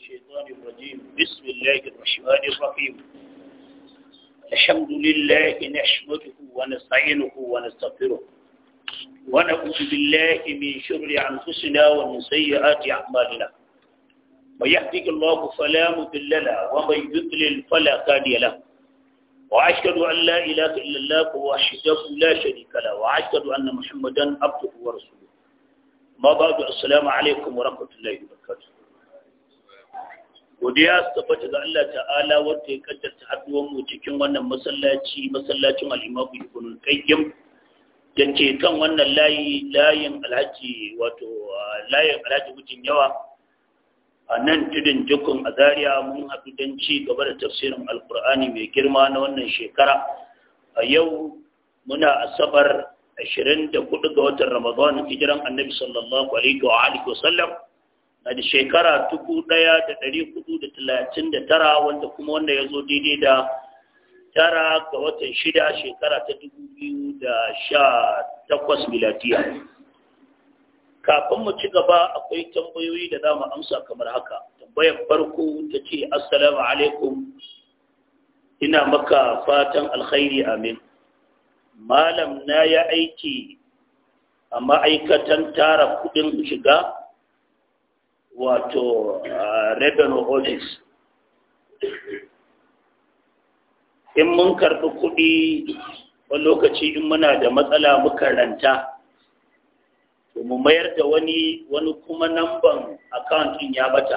الشيطان الرجيم بسم الله الرحمن الرحيم الحمد لله نحمده ونستعينه ونستغفره ونعوذ بالله من شر أنفسنا ومن سيئات أعمالنا من يهدك الله فلا مضل له ومن يضلل فلا هادي له وأشهد أن لا إله إلا الله وحده لا شريك له وأشهد أن محمدا عبده ورسوله ما بعد السلام عليكم ورحمة الله وبركاته godiya su tabbata ga Allah ta'ala wanda ya kaddarta haduwan mu cikin wannan masallaci masallacin al-Imamu Ibn Qayyim dake kan wannan layi layin Alhaji wato layin Alhaji Mutun Yawa a nan tudun jukun a Zaria mun haɗu don ci gaba da tafsirin Alkur'ani mai girma na wannan shekara a yau muna asabar 24 ga watan Ramadan hijiran Annabi sallallahu alaihi wa alihi wa sallam a da shekara 1439 wanda kuma wanda ya zo daidai da tara ga watan shida shekara ta 2018 miladiya kafin mu ci gaba akwai tambayoyi da za mu amsa kamar haka tambayar farko ta ce assalamu alaikum ina maka fatan alkhairi amin malam na ya aiki a ma'aikatan tara kudin shiga wato revenue office in mun karɓi kuɗi a lokaci in muna da matsala muka ranta to mu mayar da wani wani kuma namban akawuntin ya bata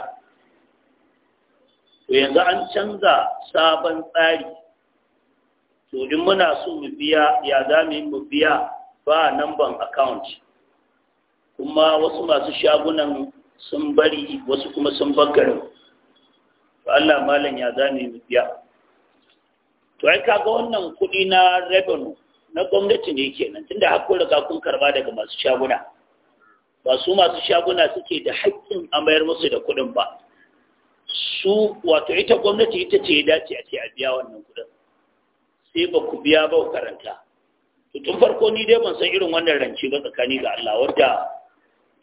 to yanzu an canza sabon tsari to in muna so mu biya ya za mu biya ba namban akawunti. kuma wasu masu shagunan sun bari wasu kuma sun bagarin to Allah malam ya zame mu biya to ai kaga wannan kuɗi na revenue na gwamnati ne kenan tunda har kun riga kun karba daga masu shaguna ba su masu shaguna suke da haƙƙin a mayar musu da kuɗin ba su wato ita gwamnati ita ce ya dace a ce a biya wannan kuɗin sai ba ku biya ba ku karanta to tun farko ni dai ban san irin wannan rance ba tsakani ga Allah wanda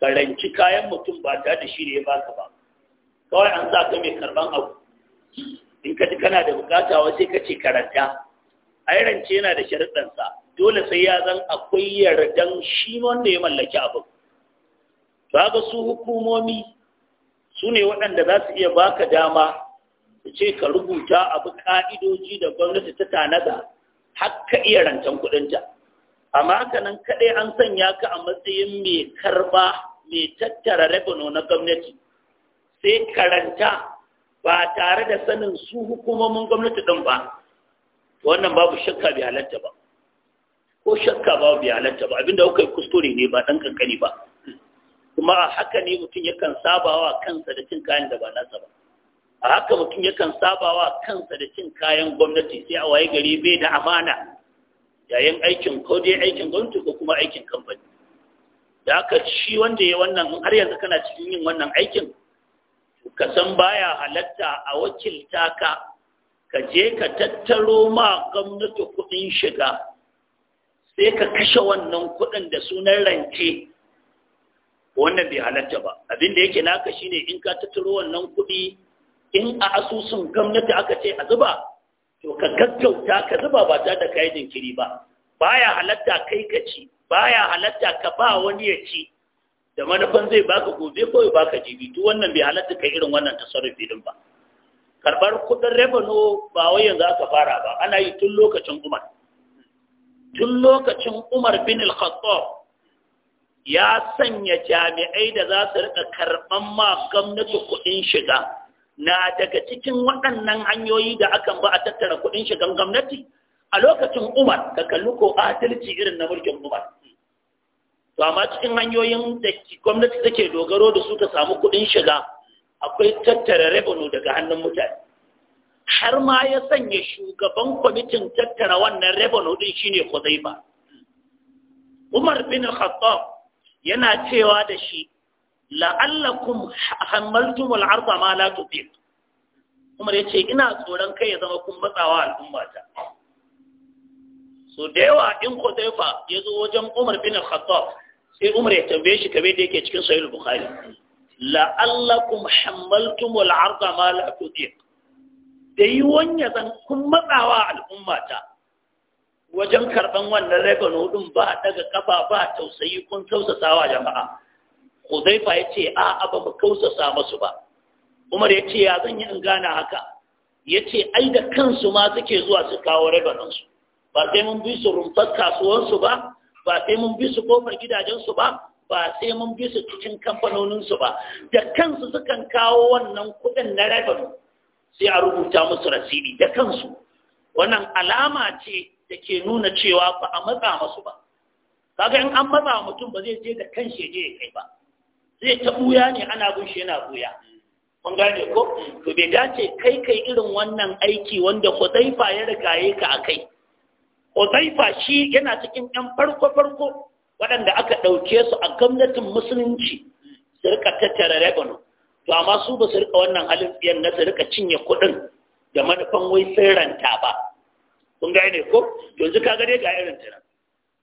karanci kayan mutum ba ta da shi ne ya baka ba kawai an sa ka mai karban abu in ka ji kana da bukata wa sai ka ce karanta ai rance yana da sharuɗansa dole sai ya zan akwai yardan shi wanda ya mallaki abin ga su hukumomi su ne waɗanda za su iya baka dama su ce ka rubuta abu ƙa'idoji da gwamnati ta tanada har ka iya rancen kuɗinta amma haka nan kaɗai an sanya ka a matsayin mai karɓa mai tattara rabano na gwamnati sai karanta ba tare da sanin su hukumomin gwamnati ɗin ba wannan babu shakka bi halatta ba ko shakka babu bi halatta ba abinda kuka yi kuskure ne ba ɗan kankani ba kuma a haka ne mutum yakan sabawa kansa da cin kayan da ba nasa ba a haka mutum yakan sabawa kansa da cin kayan gwamnati sai a waye gari bai da amana yayin aikin ko dai aikin gwamnati ko kuma aikin kamfani da aka shi wanda ya wannan har yanzu kana cikin yin wannan aikin ka san baya halatta a wakilta ka ka je ka tattaro ma gwamnati kuɗin shiga sai ka kashe wannan kuɗin da sunan rance wannan bai halatta ba abin da yake naka shine in ka tattaro wannan kuɗi in a asusun gwamnati aka ce a zuba to ka gaggauta ka zuba ba ta da kayan jinkiri ba baya halatta kai ka ci baya halatta ka ba wani ya ci da manufan zai baka gobe ko ya baka jibi duk wannan bai halatta ka irin wannan tasarrufi din ba karbar kudin revenue ba wai yanzu aka fara ba ana yi tun lokacin Umar tun lokacin Umar bin Al-Khattab ya sanya jami'ai da za su rika karban ma gwamnati kudin shiga na daga cikin waɗannan hanyoyi da akan ba a tattara kuɗin shigan gwamnati a lokacin Umar ka kalli ko adalci irin na mulkin Umar to amma cikin hanyoyin da gwamnati take dogaro da su ta samu kuɗin shiga akwai tattara revenue daga hannun mutane har ma ya sanya shugaban kwamitin tattara wannan revenue din shine Khuzaifa Umar bin Khattab yana cewa da shi la'allakum hamaltum al ma la tufiq Umar yace ina tsoron kai ya zama kun matsawa al'umma ta so da yawa in Khuzaifa ya zo wajen Umar bin Khattab sai umar ya tambaye shi kamar da yake cikin sahih bukhari la'allakum hammaltum wal arda ma la tudiq da yi wanya zan kun matsawa al'ummata wajen karban wannan revenue din ba daga kafa ba tausayi kun wa jama'a Hudhaifa ya ce a ba mu kausasa masu ba Umar ya ce ya zan yi in gana haka ya ce ai da kansu ma suke zuwa su kawo revenue ba sai mun bi su rumfar kasuwansu ba ba sai mun bi su kofar gidajensu ba ba sai mun bi su cikin kamfanoninsu ba da kansu sukan kawo wannan kuɗin na revenue sai a rubuta musu rasidi da kansu wannan alama ce da ke nuna cewa ba a matsa masu ba kaga in an matsa mutum ba zai je da kanshi je ya kai ba zai ta buya ne ana bin yana buya kun gane ko to bai dace kai kai irin wannan aiki wanda Hudhaifa ya rigaye ka a kai. Uzaifa shi yana cikin ‘yan farko-farko waɗanda aka ɗauke su a gwamnatin musulunci su rika tattara Rebano, To, amma su ba su rika wannan halin biyan na su rika cinye kuɗin da manufan wai sun ba. Kun ne ko? Yanzu ka gare ga irin tana.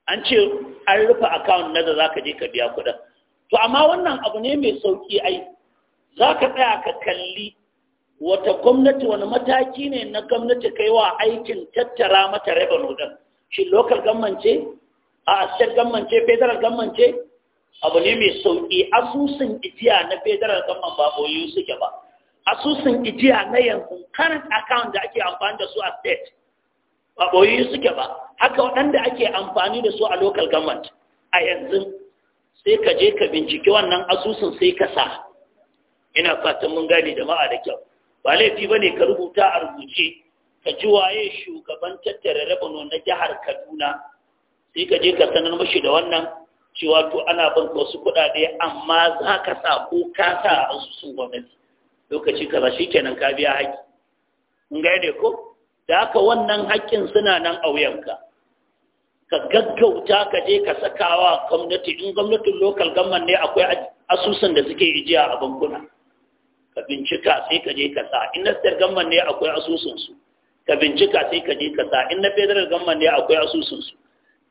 An ce an rufe akawun na da za ka je ka biya kuɗin. To, amma wannan abu ne mai sauƙi ai. Za ka tsaya ka kalli wata gwamnati wani mataki ne na gwamnati wa aikin tattara mata revenue din shi local government ce a state government ce federal government ce abu ne mai sauki asusun ijiya na federal government ba boyu suke ba asusun ijiya na yanzu current account da ake amfani da su a state ba boyu suke ba haka waɗanda ake amfani da su a local government a yanzu sai ka je ka binciki wannan asusun sai ka sa ina fatan mun gane jama'a da kyau ba laifi ba ne ka rubuta a rubuce ka ji waye shugaban tattara rabano na jihar kaduna sai ka je ka sanar mashi da wannan cewa to ana ban wasu kuɗaɗe amma za ka sa ko ka sa a asusun gwamnati lokaci ka shi kenan ka biya haƙƙi in ga yadda ko da haka wannan haƙƙin suna nan a wuyanka ka gaggauta ka je ka sakawa gwamnati in gwamnatin lokal gamman ne akwai asusun da suke ijiya a bankuna ka bincika sai ka je ka sa in na state gamman ne akwai asusunsu ka bincika sai ka je ka sa in na federal gamman ne akwai asusunsu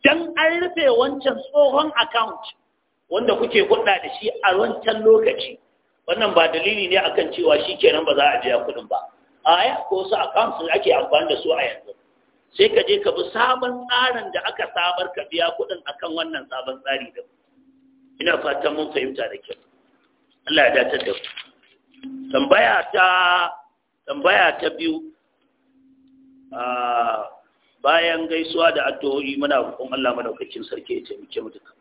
dan an rufe wancan tsohon account wanda kuke kuɗa da shi a wancan lokaci wannan ba dalili ne akan cewa shi kenan ba za a biya kuɗin ba a ya ko su accounts da ake amfani da su a yanzu sai ka je ka bi sabon tsarin da aka sabar ka biya kuɗin akan wannan sabon tsari da ina fatan mun fahimta da kyau Allah ya dace da ku tambaya ta tambaya ta biyu bayan gaisuwa da addu'o'i muna roƙon Allah madaukakin sarki ya taimake mu duka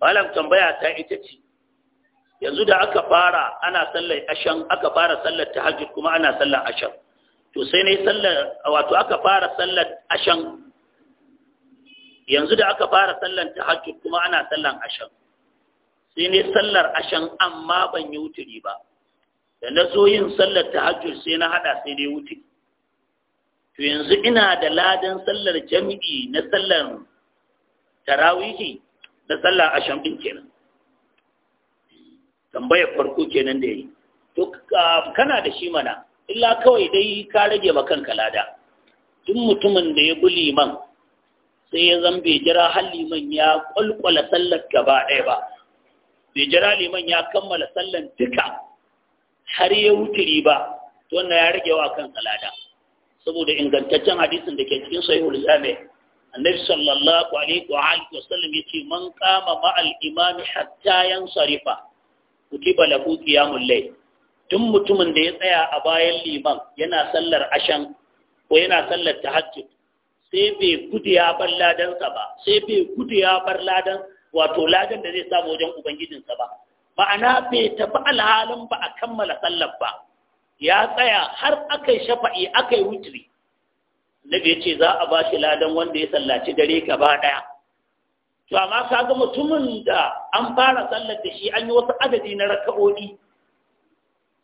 malam tambaya ta ita ce yanzu da aka fara ana sallar ashan aka fara sallar tahajjud kuma ana sallar ashan to sai ne sallar wato aka fara sallar ashan yanzu da aka fara sallar tahajjud kuma ana sallar ashan sai ne sallar ashan amma ban yi wuturi ba da na zo yin sallar tahajjud sai na hada sai ne wuturi to yanzu ina da ladan sallar jami'i na sallar tarawihi na sallar ashan din kenan tambayar farko kenan da yi to kana da shi mana illa kawai dai ka rage ma kanka lada Tun mutumin da ya bi liman sai ya zambe jira har liman ya kwalkwala sallar gaba ɗaya ba bai jira liman ya kammala sallan duka har ya wuce riba. to wannan ya rage wa kan salada saboda ingantaccen hadisin da ke cikin sahihul jami annabi sallallahu alaihi wa alihi wa sallam yace man qama ma'al imami hatta yansarifa kutiba lahu qiyamul layl tun mutumin da ya tsaya a bayan liman yana sallar ashan ko yana sallar tahajjud sai bai gudu ya bar ladansa ba sai bai gudu ya bar ladansa wato ladan da zai samu wajen ubangijinsa ba ma'ana bai tafi alhalin ba a kammala sallar ba ya tsaya har aka yi shafa'i aka yi wutri nabi ya ce za a ba shi ladan wanda ya sallaci dare gaba ɗaya to amma ka ga mutumin da an fara sallar da shi an yi wasu adadi na raka'o'i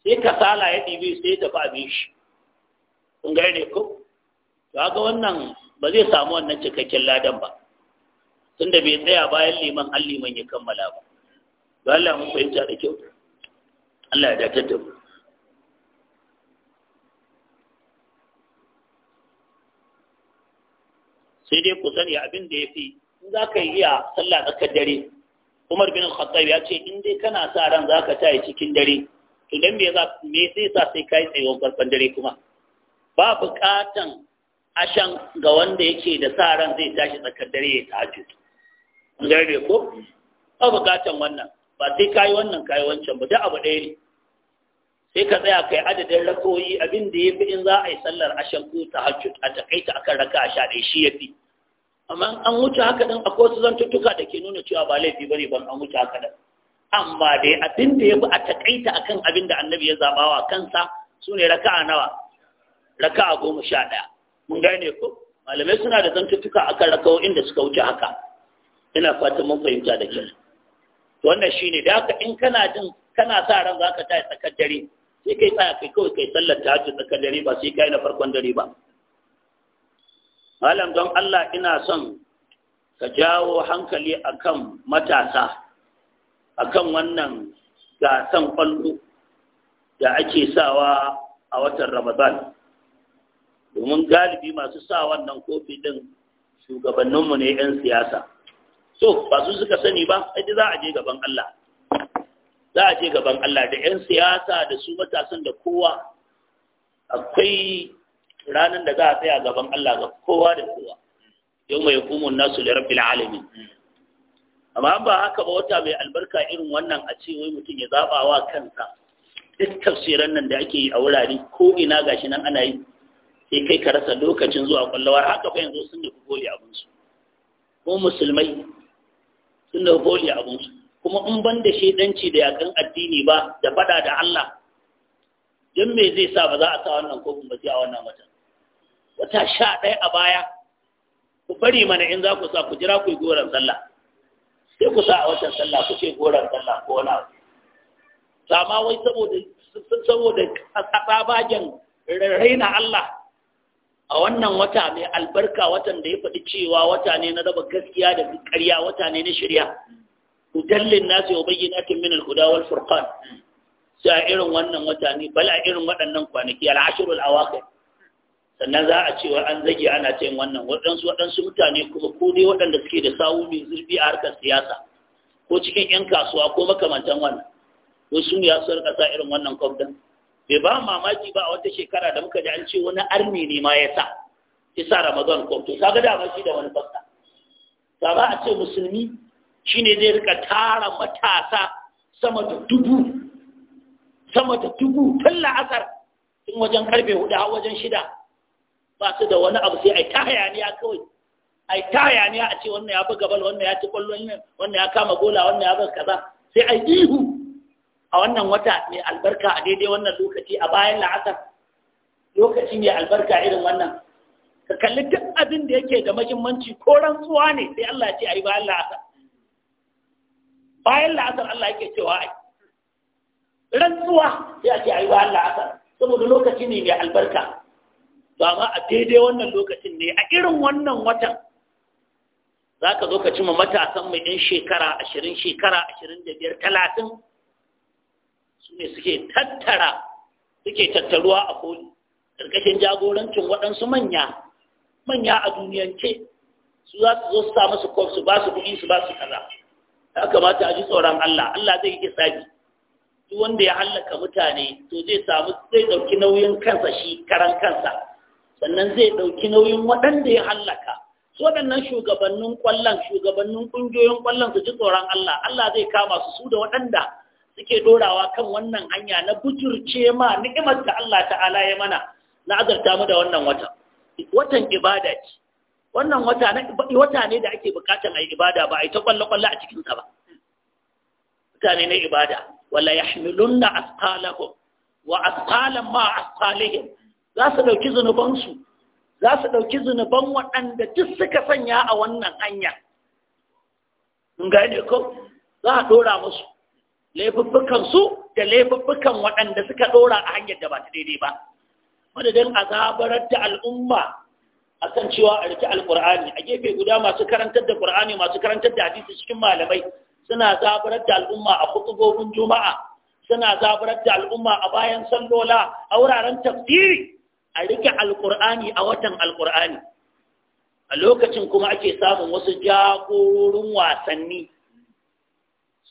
sai sala ya ɗibe sai ya tafi abin shi kun gane ko to ga wannan ba zai samu wannan cikakken ladan ba tunda bai tsaya bayan liman har liman ya kammala ba ga Allah mun fahimta da kyau Allah ya dace da mu sai dai ku sani abin da yafi in za ka iya sallah tsakar dare Umar bin Khattab ya ce in dai kana sa ran za ka tayi cikin dare to dan me za me sai sa sai kai tsayon farkon dare kuma ba buƙatan ashan ga wanda yake da sa ran zai tashi tsakar dare ya tahajjud gane ko a bukatan wannan ba sai kayi wannan kayi wancan ba duk abu ɗaya ne sai ka tsaya kai adadin rakoyi abin da ya fi in za a yi sallar ashen ko ta a takaita akan raka a sha ɗaya shi ya fi amma an wuce haka ɗin akwai wasu zantuttuka da ke nuna cewa ba laifi ne ban an wuce haka ɗin amma dai abin da ya fi a takaita akan abin da annabi ya zaɓa wa kansa su ne raka nawa raka'a goma sha ɗaya mun gane ko malamai suna da zantuttuka akan rakawo inda suka wuce haka ina fatan mun fahimta da kyau wannan shine da haka in kana jin kana sa ran ka tsaya tsakar dare sai kai tsaya kai kawai kai sallar ta hajji tsakar dare ba sai kai na farkon dare ba malam don Allah ina son ka jawo hankali akan matasa akan wannan gasan kwallo da ake sawa a watan Ramadan domin galibi masu sa wannan kofi din shugabanninmu ne 'yan siyasa to ba su suka sani ba ai za a je gaban Allah za a je gaban Allah da 'yan siyasa da su matasan da kowa akwai ranar da za a tsaya gaban Allah ga kowa da kowa yau mai hukumun nasu da rabbil alamin amma ba haka ba wata mai albarka irin wannan a ce wai mutum ya zaba wa kansa duk tafsiran nan da ake yi a wurare ko ina gashi nan ana yi sai kai ka rasa lokacin zuwa kwallawar haka fa yanzu sun nufi abin abinsu ko musulmai sun da goli abinsu kuma in ban da shaidanci da yakan addini ba da fada da Allah don me zai sa ba za a sa wannan kofin ba sai a wannan wata? wata sha ɗaya a baya ku bari mana in za ku sa ku jira ku yi goron sallah sai ku sa a watan sallah ku ce goron sallah ko wani abu amma wai saboda saboda tsabagen raina Allah a wannan wata mai albarka watan da ya faɗi cewa wata ne na raba gaskiya da ƙarya wata ne na shirya hudallin nasu yau tun min al-huda wal furqan sai irin wannan wata ne bal a irin waɗannan kwanaki al'ashirul ashrul awaqir sannan za a cewa an zage ana ta yin wannan waɗansu waɗansu mutane kuma ko dai waɗanda suke da sawu mai zurfi a harkar siyasa ko cikin 'yan kasuwa ko makamantan wannan wasu ya su rika sa irin wannan kwamfutan bai ba mamaki ba a wata shekara da muka ji an ce wani arni ne ma ya sa ya sa ramadan ko to kaga da ba shi da wani fasta da ba a ce musulmi shine zai rika tara matasa sama da dubu sama da dubu tun la'asar tun wajen karfe hudu har wajen shida ba su da wani abu sai ai ta hayaniya kawai ai ta hayaniya a ce wannan ya buga bal wannan ya ci kwallon wannan ya kama gola wannan ya bar kaza sai ai ihu a wannan wata mai albarka a daidai wannan lokaci a bayan la'asar lokaci mai albarka irin wannan ka kalli duk abin da yake da mahimmanci ko rantsuwa ne sai Allah ce a yi bayan la'asar bayan la'asar Allah yake cewa ai rantsuwa sai a ce a yi bayan la'asar saboda lokaci ne mai albarka to amma a daidai wannan lokacin ne a irin wannan watan za ka zo ka cima matasan mai ɗin shekara ashirin shekara ashirin da biyar talatin ne suke tattara suke tattaruwa a koli ƙarƙashin jagorancin waɗansu manya manya a duniyance su za su zo su sa masu kofi su ba su kuɗi su ba su kaza ya kamata a ji tsoron Allah Allah zai yi sabi duk wanda ya hallaka mutane to zai samu zai ɗauki nauyin kansa shi karan kansa sannan zai ɗauki nauyin waɗanda ya hallaka su waɗannan shugabannin ƙwallon shugabannin ƙungiyoyin ƙwallon su ji tsoron Allah Allah zai kama su su da waɗanda suke dorawa kan wannan hanya na bujurce ma ni'imar da Allah ta'ala ya mana na azarta mu da wannan wata watan ibada ce wannan wata wata ne da ake bukatar ai ibada ba ai ta kwallo kwallo a cikin sa ba mutane ne ibada wala yahmilunna asqalahum wa asqalan ma asqalihim za su dauki su. za su dauki zunuban waɗanda duk suka sanya a wannan hanya mun gane ko za a dora musu su da laifuffukan waɗanda suka ɗora a hanyar da ba ta daidai ba madadin zabarar da al'umma a kan cewa a rike al’ur'ani a gefe guda masu karantar da ƙur'ani masu karantar da hadisi cikin malamai suna zabarar da al'umma a kutubobin juma'a suna zabarar da al'umma a bayan sallola a wuraren tafsiri a rike al’ur'ani a watan al’ur'ani a lokacin kuma ake samun wasu jagorin wasanni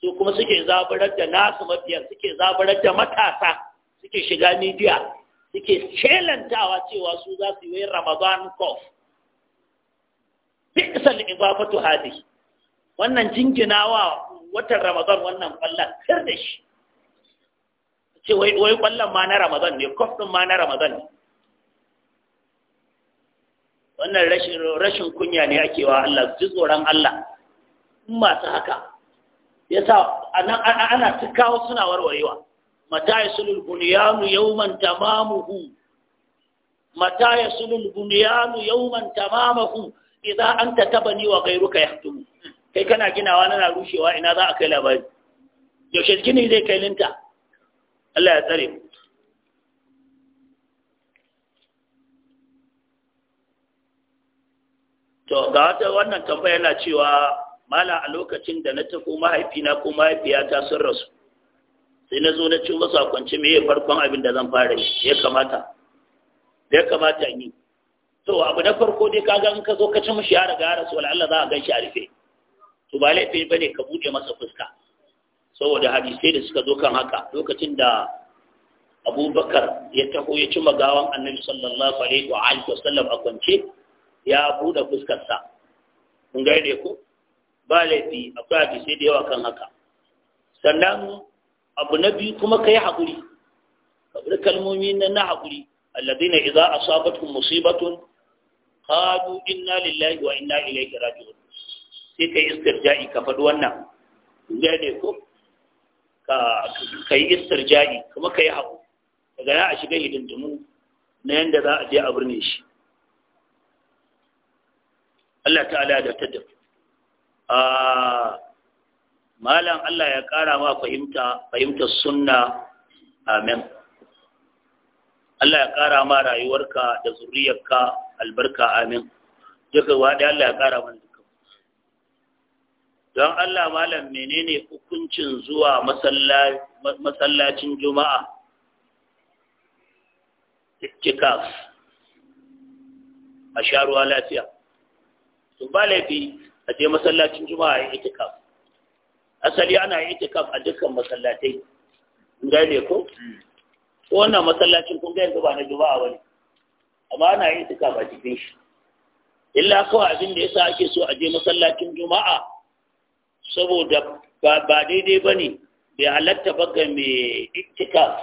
su kuma suke zaburar da nasu mafiya, suke zaburar da matasa suke shiga media suke shelantawa cewa su za su yi ramadan kof bi'sal ibafatu hadi wannan jinginawa watan ramadan wannan kwallon kar da shi ce wai kwallon ma na ramadan ne kof din ma na ramadan ne wannan rashin rashin kunya ne ake wa Allah ji tsoron Allah in masu haka yasa ana ta kawo suna warwarewa mata yasulul bunyanu yawman tamamuhu mata yasulul bunyanu yawman tamamuhu idan anta tabani wa ghayruka yahtum kai kana ginawa nana rushewa ina za a kai labari yaushe gini zai kai linta Allah ya tsare to ga wannan tambaya yana cewa mala a lokacin da na tafi mahaifina ko mahaifiyata sun rasu sai na zo na cin wasu a kwance farkon abin da zan fara yi ya kamata ya kamata yi to abu na farko dai kaga in ka zo ka ci mashi ya riga ya rasu wala Allah za a gan shi a rufe to ba laifi bane ka bude masa fuska saboda hadisai da suka zo kan haka lokacin da abubakar ya taho ya ci magawan annabi sallallahu alaihi wa sallam, a kwance ya buɗe fuskarsa kun gane ko ba laifi akwai hadisai da yawa kan haka sannan abu na biyu kuma ka yi haƙuri bi kalmomi na na haƙuri iza a sabatun musibatun qalu inna lillahi wa inna ilaihi raji'un sai iskar istirja'i ka faɗi wannan ne ko ka iskar istirja'i kuma ka yi haƙuri daga na a shiga hidindimu na yadda za a je a birne shi Allah ta'ala da tadabbur malam Allah ya ƙara ma fahimta fahimtar sunna amin Allah ya ƙara ma rayuwarka da zuriyarka albarka amin duka waɗe Allah ya ƙara mana duka don Allah malam menene hukuncin zuwa masallacin juma'a tikaf a sha ruwa lafiya to ba laifi a je masallacin juma'a yin itikaf asali ana yin itikaf a dukkan masallatai ne ko ko wannan masallacin kun ga yanzu ba na juma'a bane amma ana yin itikaf a cikin shi illa ko abin da yasa ake so a je masallacin juma'a saboda ba daidai bane bai halatta ba ga mai itikaf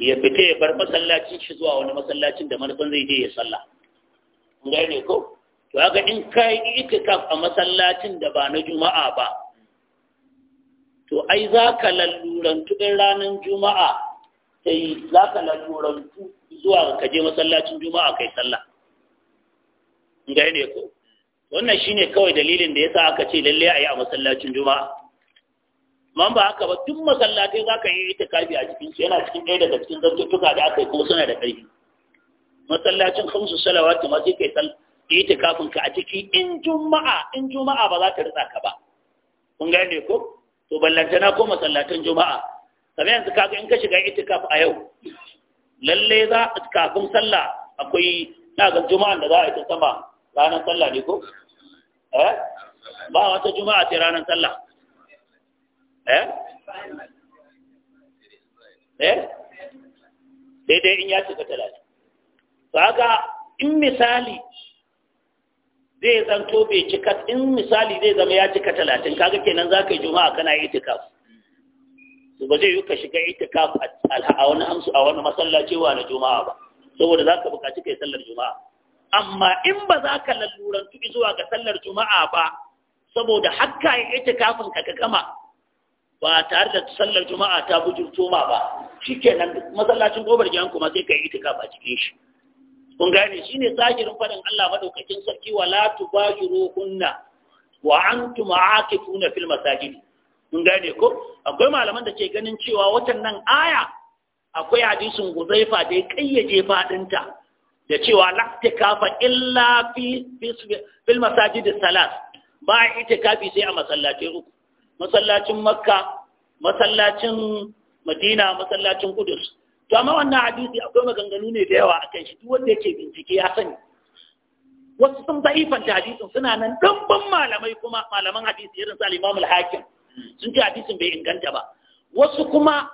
ya fita ya bar masallacin shi zuwa wani masallacin da manufan zai je ya sallah ne ko to haka in ka yi itikaf a masallacin da ba na juma'a ba to ai za ka lallurantu ɗin ranar juma'a ta yi za ka lallurantu zuwa ka je masallacin juma'a kai sallah ga ne ko wannan shine kawai dalilin da yasa aka ce lalle a yi a masallacin juma'a man ba haka ba duk masallatai za ka yi itikafi a cikin su yana cikin ɗaya daga cikin zantuttuka da aka yi kuma suna da ƙarfi masallacin hamsu salawatu ma sai kai sallah kafin ka a ciki in juma'a in juma'a ba za ta ritsa ka ba kun gane ko to ballantana ko masallatin juma'a kamar yanzu kaga in ka shiga itikaf a yau lalle za kafin sallah akwai na ga Juma'a da za a yi ta sama ranar sallah ne ko eh ba wata juma'a ce ranar sallah eh eh sai dai in ya shiga talatin to haka in misali zai zanto bai cika in misali zai zama ya cika talatin kaga kenan za ka yi juma'a kana yi itikaf su ba zai yi ka shiga itikaf a wani hamsu a wani masallaci wa na juma'a ba saboda za ka buƙaci kai sallar juma'a amma in ba za ka tuki zuwa ga sallar juma'a ba saboda hakka yi itikafin ka ka gama ba tare da sallar juma'a ta bujurto ma ba shikenan masallacin gobar gidan kuma sai ka yi itikaf a cikin shi kun gane ne zahirin fadin Allah madaukakin sarki wa wala tubajiruhunna wa antum aakifuna fil masajidi. kun gane ko akwai malaman da ke ganin cewa watan nan aya akwai hadisin Guzaifa da ya kayyaje faɗinta da cewa laktikafa illa fi fil masajidi salas ba itikafi sai a masallacin uku masallacin Makka masallacin Madina masallacin Kudus to amma wannan hadisi akwai maganganu ne da yawa akan shi duk wanda yake bincike ya sani wasu sun da'ifanta hadisin suna nan ɗanban malamai kuma malaman hadisi irin su al-Imam al-Hakim sun ce hadisin bai inganta ba wasu kuma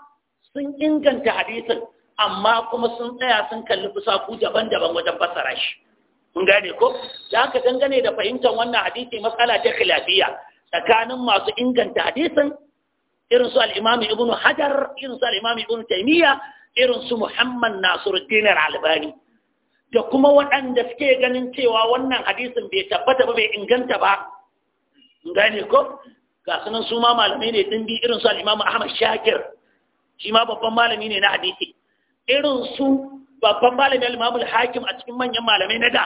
sun inganta hadisin amma kuma sun tsaya sun kalli fusaku daban-daban wajen fassara shi kun gane ko da haka dangane da fahimtar wannan hadisi matsala ta khilafiyya tsakanin masu inganta hadisin irin su al-Imam Ibn Hajar irin su al-Imam Ibn Taymiyyah irin su Muhammad Nasiruddin Al-Albani da kuma waɗanda suke ganin cewa wannan hadisin bai tabbata ba bai inganta ba gane ko ga sunan su ma malamai ne din bi irin su al-Imam Ahmad Shakir shi ma babban malami ne na hadisi irin su babban malami al-Imam al-Hakim a cikin manyan malamai na da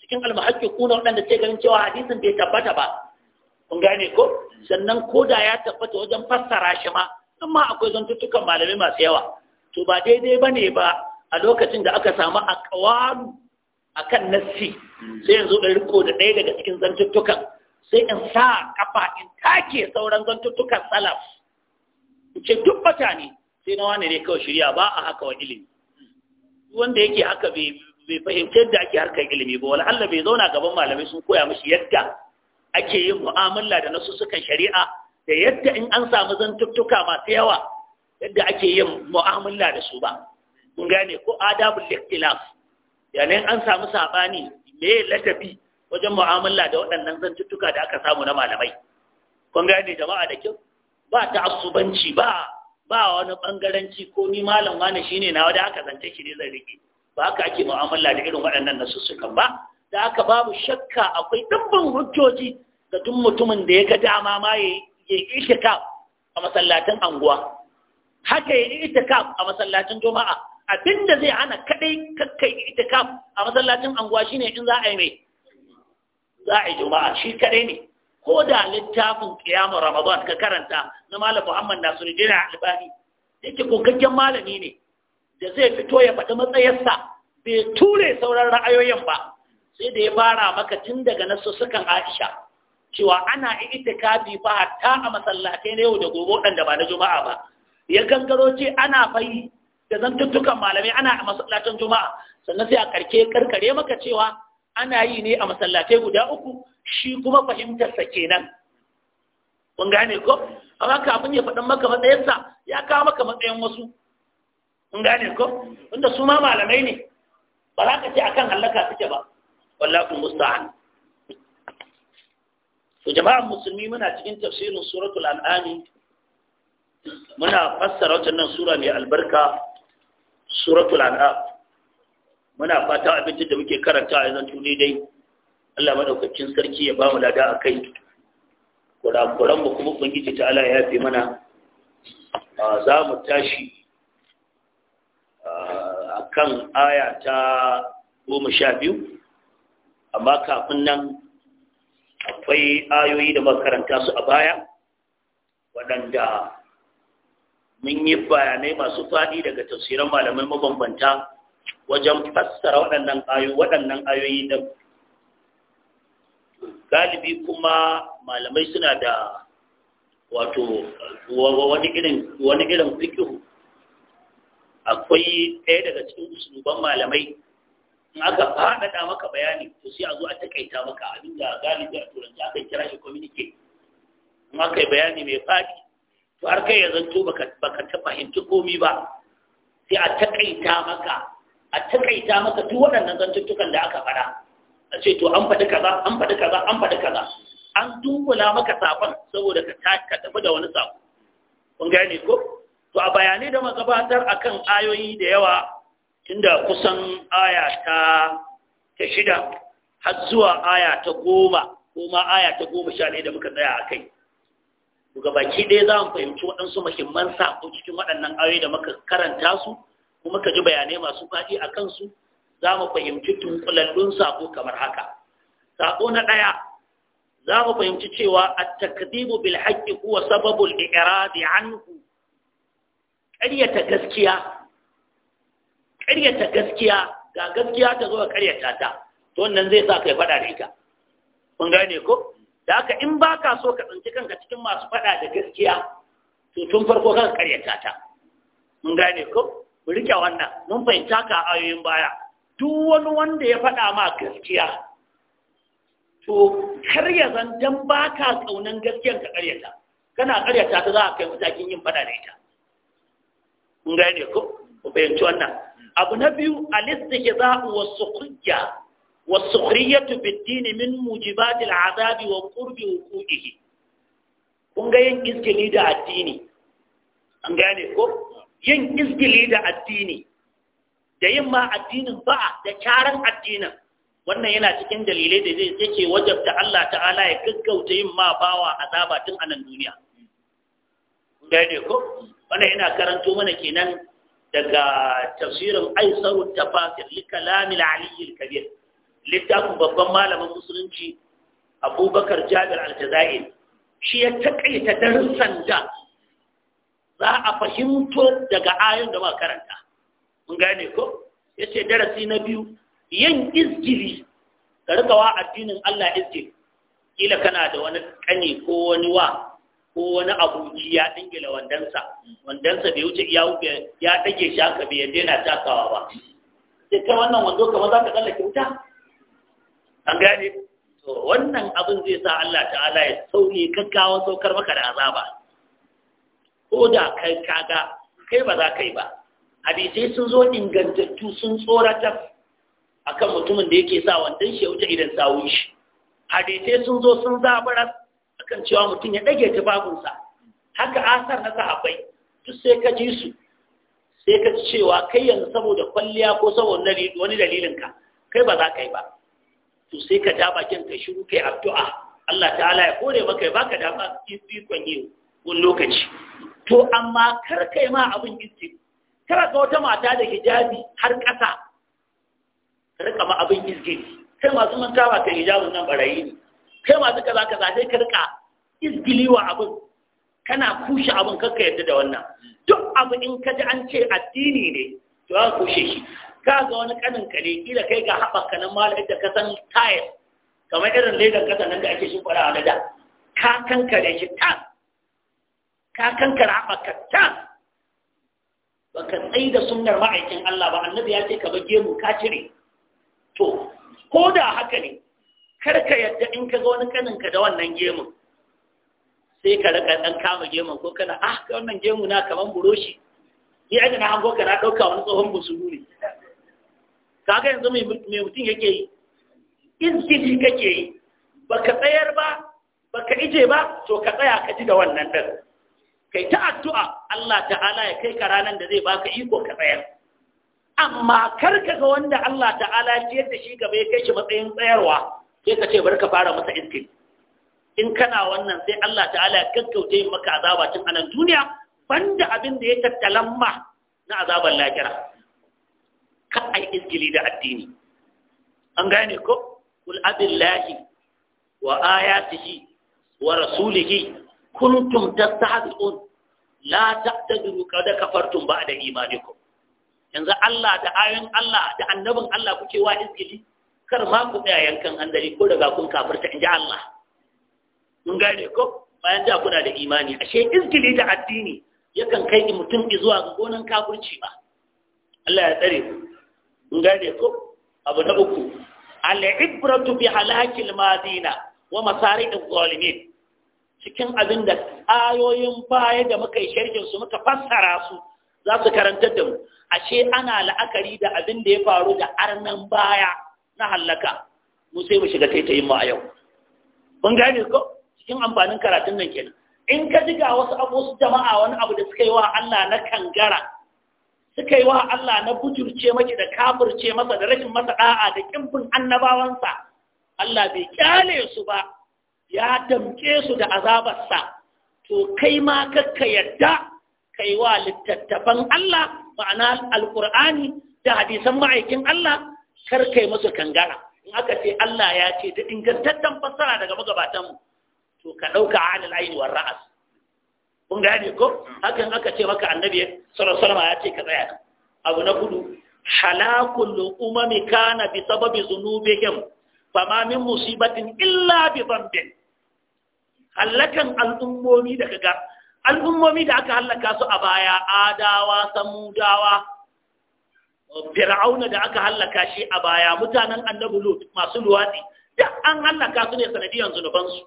cikin al-muhaqqiquna waɗanda suke ganin cewa hadisin bai tabbata ba kun gane ko sannan koda ya tabbata wajen fassara shi ma amma akwai zantuttukan malamai masu yawa to ba daidai ba ne ba a lokacin da aka samu a kawalu a kan nassi sai yanzu da riko da ɗaya daga cikin zantuttukan sai in sa kafa in take sauran zantuttukan salaf in ce duk mutane sai na wane ne kawai shirya ba a haka wa ilimi wanda yake haka bai fahimci yadda ake harkar ilimi ba wala Allah bai zauna gaban malamai sun koya mishi yadda ake yin mu'amala da nasu sukan shari'a da yadda in an samu zantuttuka masu yawa yadda ake yin mu'amala da su ba mun gane ko adabul ikhtilaf yanayin an samu sabani me ladabi wajen mu'amala da waɗannan zantuttuka da aka samu na malamai kun gane jama'a da kyau ba ta'assubanci ba ba wani bangaranci ko ni malam wani shine na wanda aka zance shi ne zai rike ba haka ake mu'amala da irin waɗannan nasussukan ba da aka babu shakka akwai dubban hujjoji ga duk mutumin da ya ga dama ma ya yi a masallatan anguwa haka yi itikaf a masallacin juma'a abinda zai hana kadai kakkai itikaf a masallacin anguwa shine in za a yi mai za a yi juma'a shi kadai ne ko da littafin kiyamun ramadan ka karanta na malam muhammad Nasiru nasiruddin albani yake kokakken malami ne da zai fito ya faɗi matsayarsa bai ture sauran ra'ayoyin ba sai da ya fara maka tun daga nasu sukan aisha cewa ana itikafi fa hatta a masallatai na yau da gobe waɗanda ba na juma'a ba ya gangaro ce ana fayi da zantuttukan malamai ana a masallacin juma'a sannan sai a karke karkare maka cewa ana yi ne a masallatai guda uku shi kuma fahimtarsa kenan kun gane ko amma kafin ya faɗin maka matsayinsa ya kawo maka matsayin wasu kun gane ko inda su ma malamai ne ba za ka ce akan hallaka suke ba wallahu musta'an to jama'an musulmi muna cikin tafsirin suratul al'ami muna fassara wannan sura mai albarka suratul an'am muna fata abincin da muke karanta a yanzu tuni dai Allah madaukakin sarki ya ba mu lada akai kai kuran mu kuma ubangiji ta Allah ya fi mana za mu tashi akan aya ta goma sha biyu amma kafin nan akwai ayoyi da makaranta su a baya waɗanda mun yi bayanai masu faɗi daga tafsiran malamai mabambanta wajen fassara waɗannan ayoyi waɗannan ayoyi da galibi kuma malamai suna da wato wani irin wani irin fikihu akwai ɗaya daga cikin usuluban malamai in aka faɗaɗa maka bayani to sai a zo a takaita maka abinda galibi a turanci aka kira shi communicate in aka yi bayani mai faɗi to har kai ya zanto baka baka ta fahimci komi ba sai a takaita maka a takaita maka duk waɗannan zantuttukan da aka faɗa a ce to an faɗi kaza an faɗi kaza an faɗi kaza an dunkula maka safon saboda ka ka tafi da wani sako kun gane ko to a bayani da magabatar akan ayoyi da yawa tunda kusan aya ta ta shida har zuwa aya ta goma ko aya ta goma sha ɗaya da muka tsaya a kai to ga ɗaya za mu fahimci waɗansu muhimman sako cikin waɗannan aure da muka karanta su kuma ka ji bayanai masu faɗi a kansu za mu fahimci tunkulallun sako kamar haka sako na ɗaya za mu fahimci cewa a takdibu bil haqqi huwa sababul i'radi anhu ƙaryata gaskiya ƙaryata gaskiya ga gaskiya ta zo ƙaryata ta to wannan zai sa kai faɗa da ita kun gane ko da haka in ba ka so ka tsinci kanka cikin masu faɗa da gaskiya to tun farko kan karyata ta mun gane ko mu rike wannan mun fahimta ka a ayoyin baya duk wani wanda ya faɗa ma gaskiya to kar ya zan dan ba ka kaunan gaskiyar ka karyata kana karyata ta za a kai matakin yin faɗa da ita mun gane ko ku fahimci wannan abu na biyu alistihza'u wa suqiyya والسخرية بالدين من موجبات العذاب وقرب وقوعه kun ga yin izgili da addini an gane ko yin da addini da yin addinin ba'a da kyaran addinin wannan yana cikin dalilai da zai yake wajabta Allah ta'ala ya gaggauta yin ma bawa azaba tun a nan duniya gane ko wannan yana karanto mana kenan daga tafsirin aisaru tafasir li kalamil aliyyil kabir littafin babban malamin musulunci abubakar jabir aljazair shi ya taƙaita darussan da za a fahimto daga ayon da ba karanta mun gane ko ya ce darasi na biyu yin izgili ka rikawa addinin allah izgili kila kana da wani kane ko wani wa ko wani abu ya dingila wandansa wandansa bai wuce ya wuce ya dage shi aka bai yana takawa ba sai ta wannan wando kamar za ka tsallake wuta an gane to wannan abin zai sa Allah ta'ala ya sauke gaggawa saukar maka da azaba ko da kai kaga kai ba za ka yi ba hadisai sun zo ingantattu sun tsoratar akan mutumin da yake sa wandon shi ya wuce idan sawun shi hadisai sun zo sun zabara akan cewa mutum ya ɗage tufafinsa haka asar na sahabbai duk sai ka ji su sai ka cewa kai yanzu saboda kwalliya ko saboda wani dalilinka kai ba za ka yi ba to sai ka daba kin ka shiru kai addu'a Allah ta'ala ya kore maka ya baka dama ikon yi wani lokaci to amma kar kai ma abin izgi kar ka wata mata da hijabi har ƙasa rika ma abin izgi kai masu mantawa ka hijabin nan barayi ne kai masu kaza kaza sai ka rika wa abin kana kushe abin kakka yadda da wannan duk abu in ka ji an ce addini ne to an kushe shi ka ga wani kanin ka ne kila kai ga haɓaka nan ma da ka san tayar kamar irin ledan kasa nan da ake fara a lada ka kankare shi ta ka kankare haɓaka ta ba ka tsayi da sunnar ma'aikin Allah ba annabi ya ce ka ba gemu ka cire to ko da haka ne kar ka yadda in ka ga wani kanin ka da wannan gemun sai ka rika dan kama gemun ko kana ah ka wannan gemu na kaman buroshi ya ga na hango kana dauka wani tsohon busuru ne kaga yanzu mai mutum yake yi shi kake yi baka tsayar ba baka ije ba to ka tsaya ka ji da wannan din kai ta addu'a Allah ta'ala ya kai ka ranar da zai baka iko ka tsayar amma kar ka ga wanda Allah ta'ala ya ciyar da shi gaba ya kai shi matsayin tsayarwa sai ka ce bar ka fara masa izgiji in kana wannan sai Allah ta'ala ya kakkauce maka azaba tun anan duniya banda abin da ya tattalan na azabar lakira kan ai izgili da addini an gane ko kul abillahi wa ayatihi wa rasulihi kuntum tastahzi'un la ta'tadiru qad kafartum ba'da imanikum yanzu Allah da ayoyin Allah da annabin Allah kuke wa izgili kar ma ku tsaya yankan handari ko daga kun kafirta inji Allah mun gane ko bayan da kuna da imani ashe izgili da addini yakan kai mutum zuwa ga gonan kafirci ba Allah ya tsare ku ngare ko abu na uku ibratu bi halakil madina wa masari'in zalimin cikin abin da ayoyin baya da muka yi sharhin su muka fassara su za su karanta da mu ashe ana la'akari da abin da ya faru da arnan baya na halaka mu sai mu shiga taitayin mu a yau kun gane ko cikin amfanin karatun nan kenan in ka ji ga wasu abu su jama'a wani abu da suka yi wa Allah na kangara suka yi wa Allah na bujurce maki da kafirce masa da rashin masa da'a da kimfin annabawansa Allah bai kyale su ba ya damke su da azabarsa to kai ma kakka yadda kai wa littattafan Allah ma'ana alkur'ani da hadisan ma'aikin Allah kar kai musu kangana in aka ce Allah ya ce da ingantaccen fassara daga magabatanmu to ka ɗauka alal aini war ra'as kun gane ko hakan aka ce maka annabi sallallahu alaihi ya ce ka tsaya abu na hudu halakul umami kana bi sababi zunubihim fama min musibatin illa bi dhanbin halakan al'ummomi da kaga al'ummomi da aka halaka su a baya adawa samudawa fir'auna da aka halaka shi a baya mutanen annabi lut masu luwatsi duk an halaka su ne sanadiyan zunubansu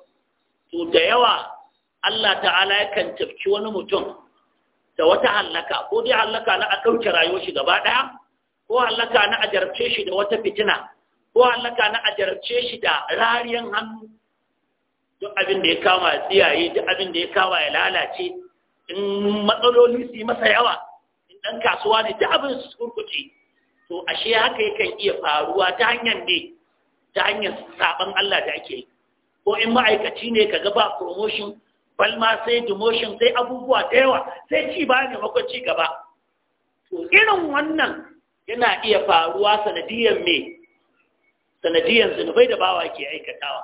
to da yawa Allah ta'ala yakan tafki wani mutum da wata hallaka ko dai hallaka na a ɗauke rayuwar shi gaba ɗaya ko hallaka na a jarabce shi da wata fitina ko hallaka na a jarabce shi da rariyan hannu duk abin da ya kama ya tsiyaye duk abin da ya kama ya lalace in matsaloli su yi masa yawa in ɗan kasuwa ne duk abin su kurkuce to ashe haka yakan iya faruwa ta hanyar ne ta hanyar saban Allah da ake yi ko in ma'aikaci ne kaga ba promotion balma sai demotion sai abubuwa da yawa sai ci ba maimakon ci gaba to irin wannan yana iya faruwa sanadiyar me sanadiyar zunubai da bawa ke aikatawa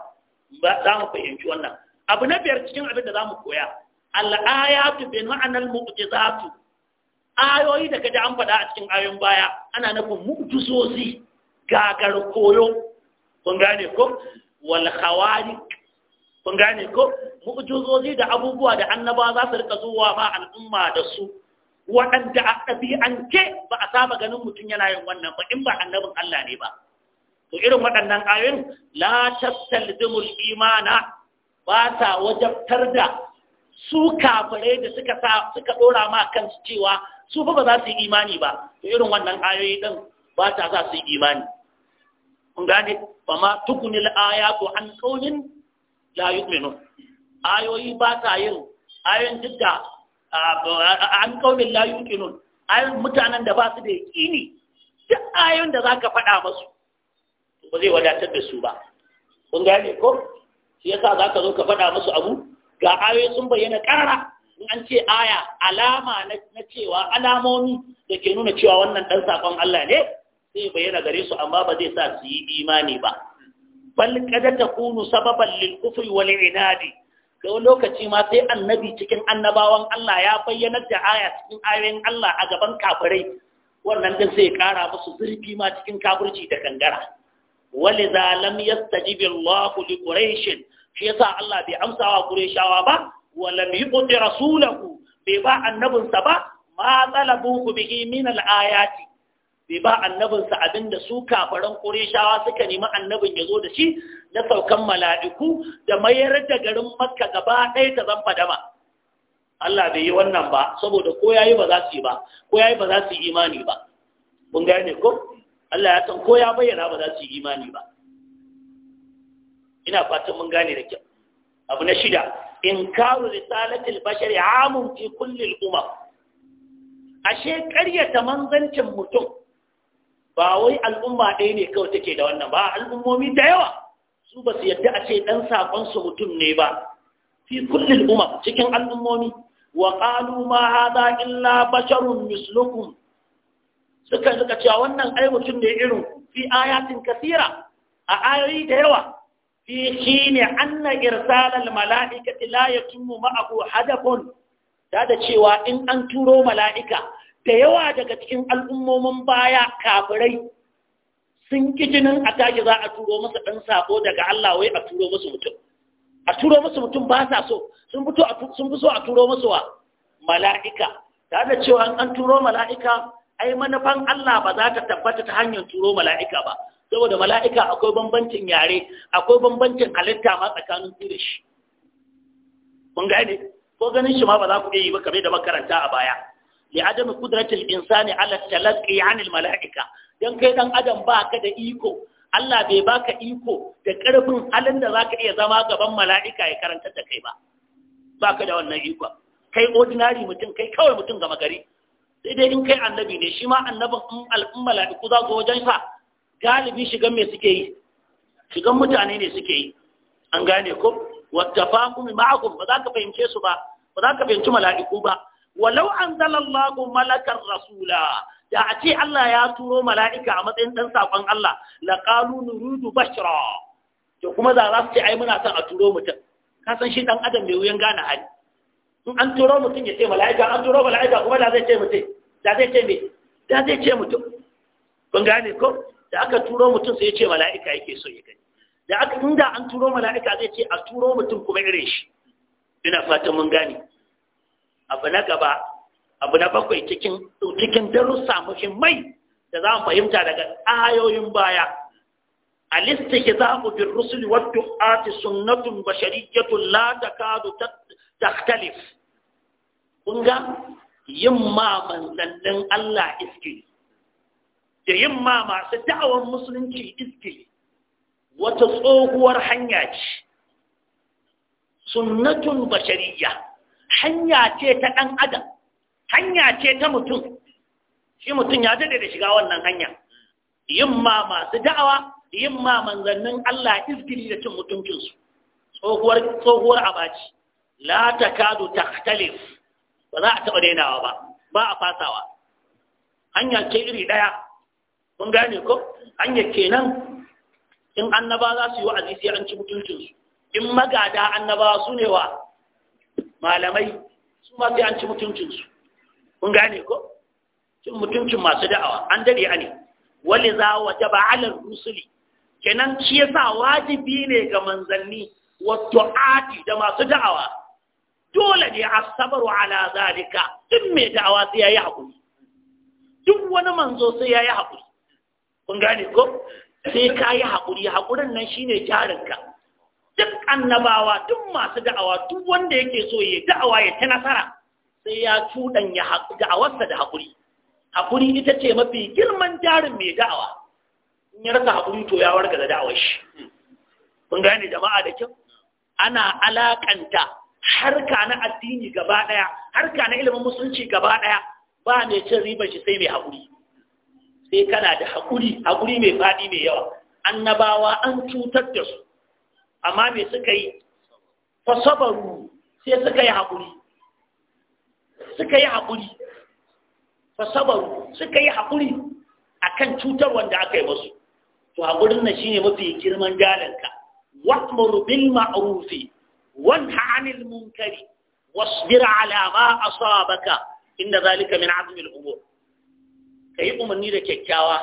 ba za mu fahimci wannan abu na biyar cikin abin da za mu koya al'ayatu bi ma'anar mu'jizatu ayoyi da kaji an faɗa a cikin ayoyin baya ana nufin mu'jizozi gagar koyo kun gane ko wal khawariq kun gane ko mu'jizozi da abubuwa da annaba za su rika zuwa ba al'umma da su waɗanda a ɗabi'ance ba a saba ganin mutum yana yin wannan ba in ba annabin Allah ne ba to irin waɗannan ayoyin la tastalzimul imana ba ta wajabtar da su kafirai da suka sa suka dora ma kansu cewa su fa ba za su yi imani ba to irin wannan ayoyi din ba ta za su yi imani kun gane fa tukunil ayatu an qawlin la yu'minun ayoyi ba ta yin ayoyin duk da an kaunin la yu'minun ayoyin mutanen da ba su da yaƙini duk ayoyin da za ka faɗa masu ba zai wadatar da su ba kun gane ko shi yasa za ka zo ka faɗa masu abu ga ayoyi sun bayyana ƙarara in an ce aya alama na cewa alamomi da ke nuna cewa wannan ɗan saƙon Allah ne zai bayyana gare su amma ba zai sa su yi imani ba bal kada ta kunu sababan lil kufri wal inadi ga lokaci ma sai annabi cikin annabawan Allah ya bayyana da aya cikin ayoyin Allah a gaban kafirai wannan din sai kara musu zurfi ma cikin kafirci da kangara waliza lam yastajibi Allah li quraish shi yasa Allah bai amsa wa qurayshawa ba wa lam yuqti rasulahu bai ba annabinsa ba ma talabuhu bihi min al-ayati bai ba annabinsa abinda su kafaran ƙurishawa suka nemi annabin ya zo da shi na saukan mala'iku da mayar da garin makka gaba ɗaya ta zan fadama Allah bai yi wannan ba saboda ko yayi ba za su yi ba ko yayi ba za su yi imani ba mun gane ko Allah ya san ko ya bayyana ba za su yi imani ba ina fatan mun gane da kyau abu na shida in inkaru risalatil bashari amun fi kulli al-umam ashe karyata manzancin mutum ba wai al'umma ɗaya ne kawai take da wannan ba al'ummomi da yawa su ba su yadda a ce ɗan saƙon su mutum ne ba fi kullum umar cikin al'ummomi wa qalu ma hadha illa basharun mislukum suka suka cewa wannan ai mutum ne irin fi ayatin kasira a ayoyi da yawa fi shine anna irsalal mala'ikati la yatimmu ma'ahu hadafun da da cewa in an turo mala'ika da yawa daga cikin al'ummomin baya kafirai sun ƙi jinin a tashi za a turo masa ɗan sako daga Allah wai a turo musu mutum a turo musu mutum ba sa so sun fi so a turo musu wa mala'ika ta da cewa an turo mala'ika ai manufan Allah ba za ta tabbata ta hanyar turo mala'ika ba saboda mala'ika akwai bambancin yare akwai bambancin halitta ma tsakanin su da shi kun gane ko ganin shi ma ba za ku iya yi ba kamar da makaranta a baya li adami qudratil insani ala talaqqi anil malaika dan kai dan adam baka da iko Allah bai baka iko da karfin halin da zaka iya zama gaban mala'ika ya karanta da kai ba baka da wannan iko kai ordinary mutum kai kawai mutum gama gari sai dai in kai annabi ne shi ma annabin in al'umma mala'iku za su wajen sa galibi shigan me suke yi shigan mutane ne suke yi an gane ko wata fahimu ma'akum ba za ka fahimce su ba ba za ka fahimci mala'iku ba walau An-dallar anzalallahu malakar rasula da a ce Allah ya turo mala'ika a matsayin ɗan saƙon Allah la qalu nuridu bashira Da kuma za za su ce ai muna son a turo mutum ka san shi ɗan adam mai wuyan gane hali in an turo mutum ya ce mala'ika an turo mala'ika kuma da zai ce mutum da zai ce me da zai ce mutum kun gane ko da aka turo mutum sai ya ce mala'ika yake so ya gani da aka inda an turo mala'ika zai ce a turo mutum kuma irin shi ina fatan mun gane abu na gaba abu na bakwai cikin cikin darussa muhimmai da za mu fahimta daga ayoyin baya الاستهزاء بالرسل والدعاة سنة بشرية لا تكاد تختلف kunga yimma manzannin Allah iske, da yimma masu da'awar musulunci iske, wata tsohuwar hanya ce sunnatun Bashariyya. hanya ce ta ɗan adam hanya ce ta mutum shi mutum ya daɗe da shiga wannan hanya yin ma masu da'awa yin ma manzannin Allah izgiri da cin mutuncinsu tsohuwar tsohuwar abaci la ta talif ba za a taɓa dainawa ba ba a fasawa hanya ce iri ɗaya kun gane ko hanya kenan in annaba za su yi wa an ci mutuncinsu in magada annaba su ne wa malamai su ma sai an ci mutuncinsu kun gane ko cin mutuncin masu da'awa an dare a ne wali za wa jaba alar rusuli kenan ya yasa wajibi ne ga manzanni wato ati da masu da'awa dole ne a sabaru ala zalika duk mai da'awa sai ya yi haƙuri duk wani manzo sai ya yi haƙuri kun gane ko sai ka yi haƙuri haƙurin nan shine jarinka duk annabawa duk masu da'awa duk wanda yake so ya da'awa ya ta nasara sai ya ya da'awarsa da hakuri. Hakuri ita ce mafi girman jarin mai da'awa in ya rasa hakuri to ya warga da da'awar shi kun gane jama'a da kyau ana alakanta harka na addini gaba ɗaya harka na ilimin musulunci gaba ɗaya ba mai cin riba shi sai mai hakuri. sai kana da hakuri hakuri mai fadi mai yawa annabawa an cutar da su amma me suka yi fasabaru sai suka yi haƙuri suka yi haƙuri fasabaru suka yi haƙuri akan cutar wanda aka yi masu. to haƙurin nan shine mafi girman galanka wa'mur bil ma'ruf wanha 'anil munkari wasbir 'ala ma asabaka inda zalika min 'azmi umur kai umarni da kyakkyawa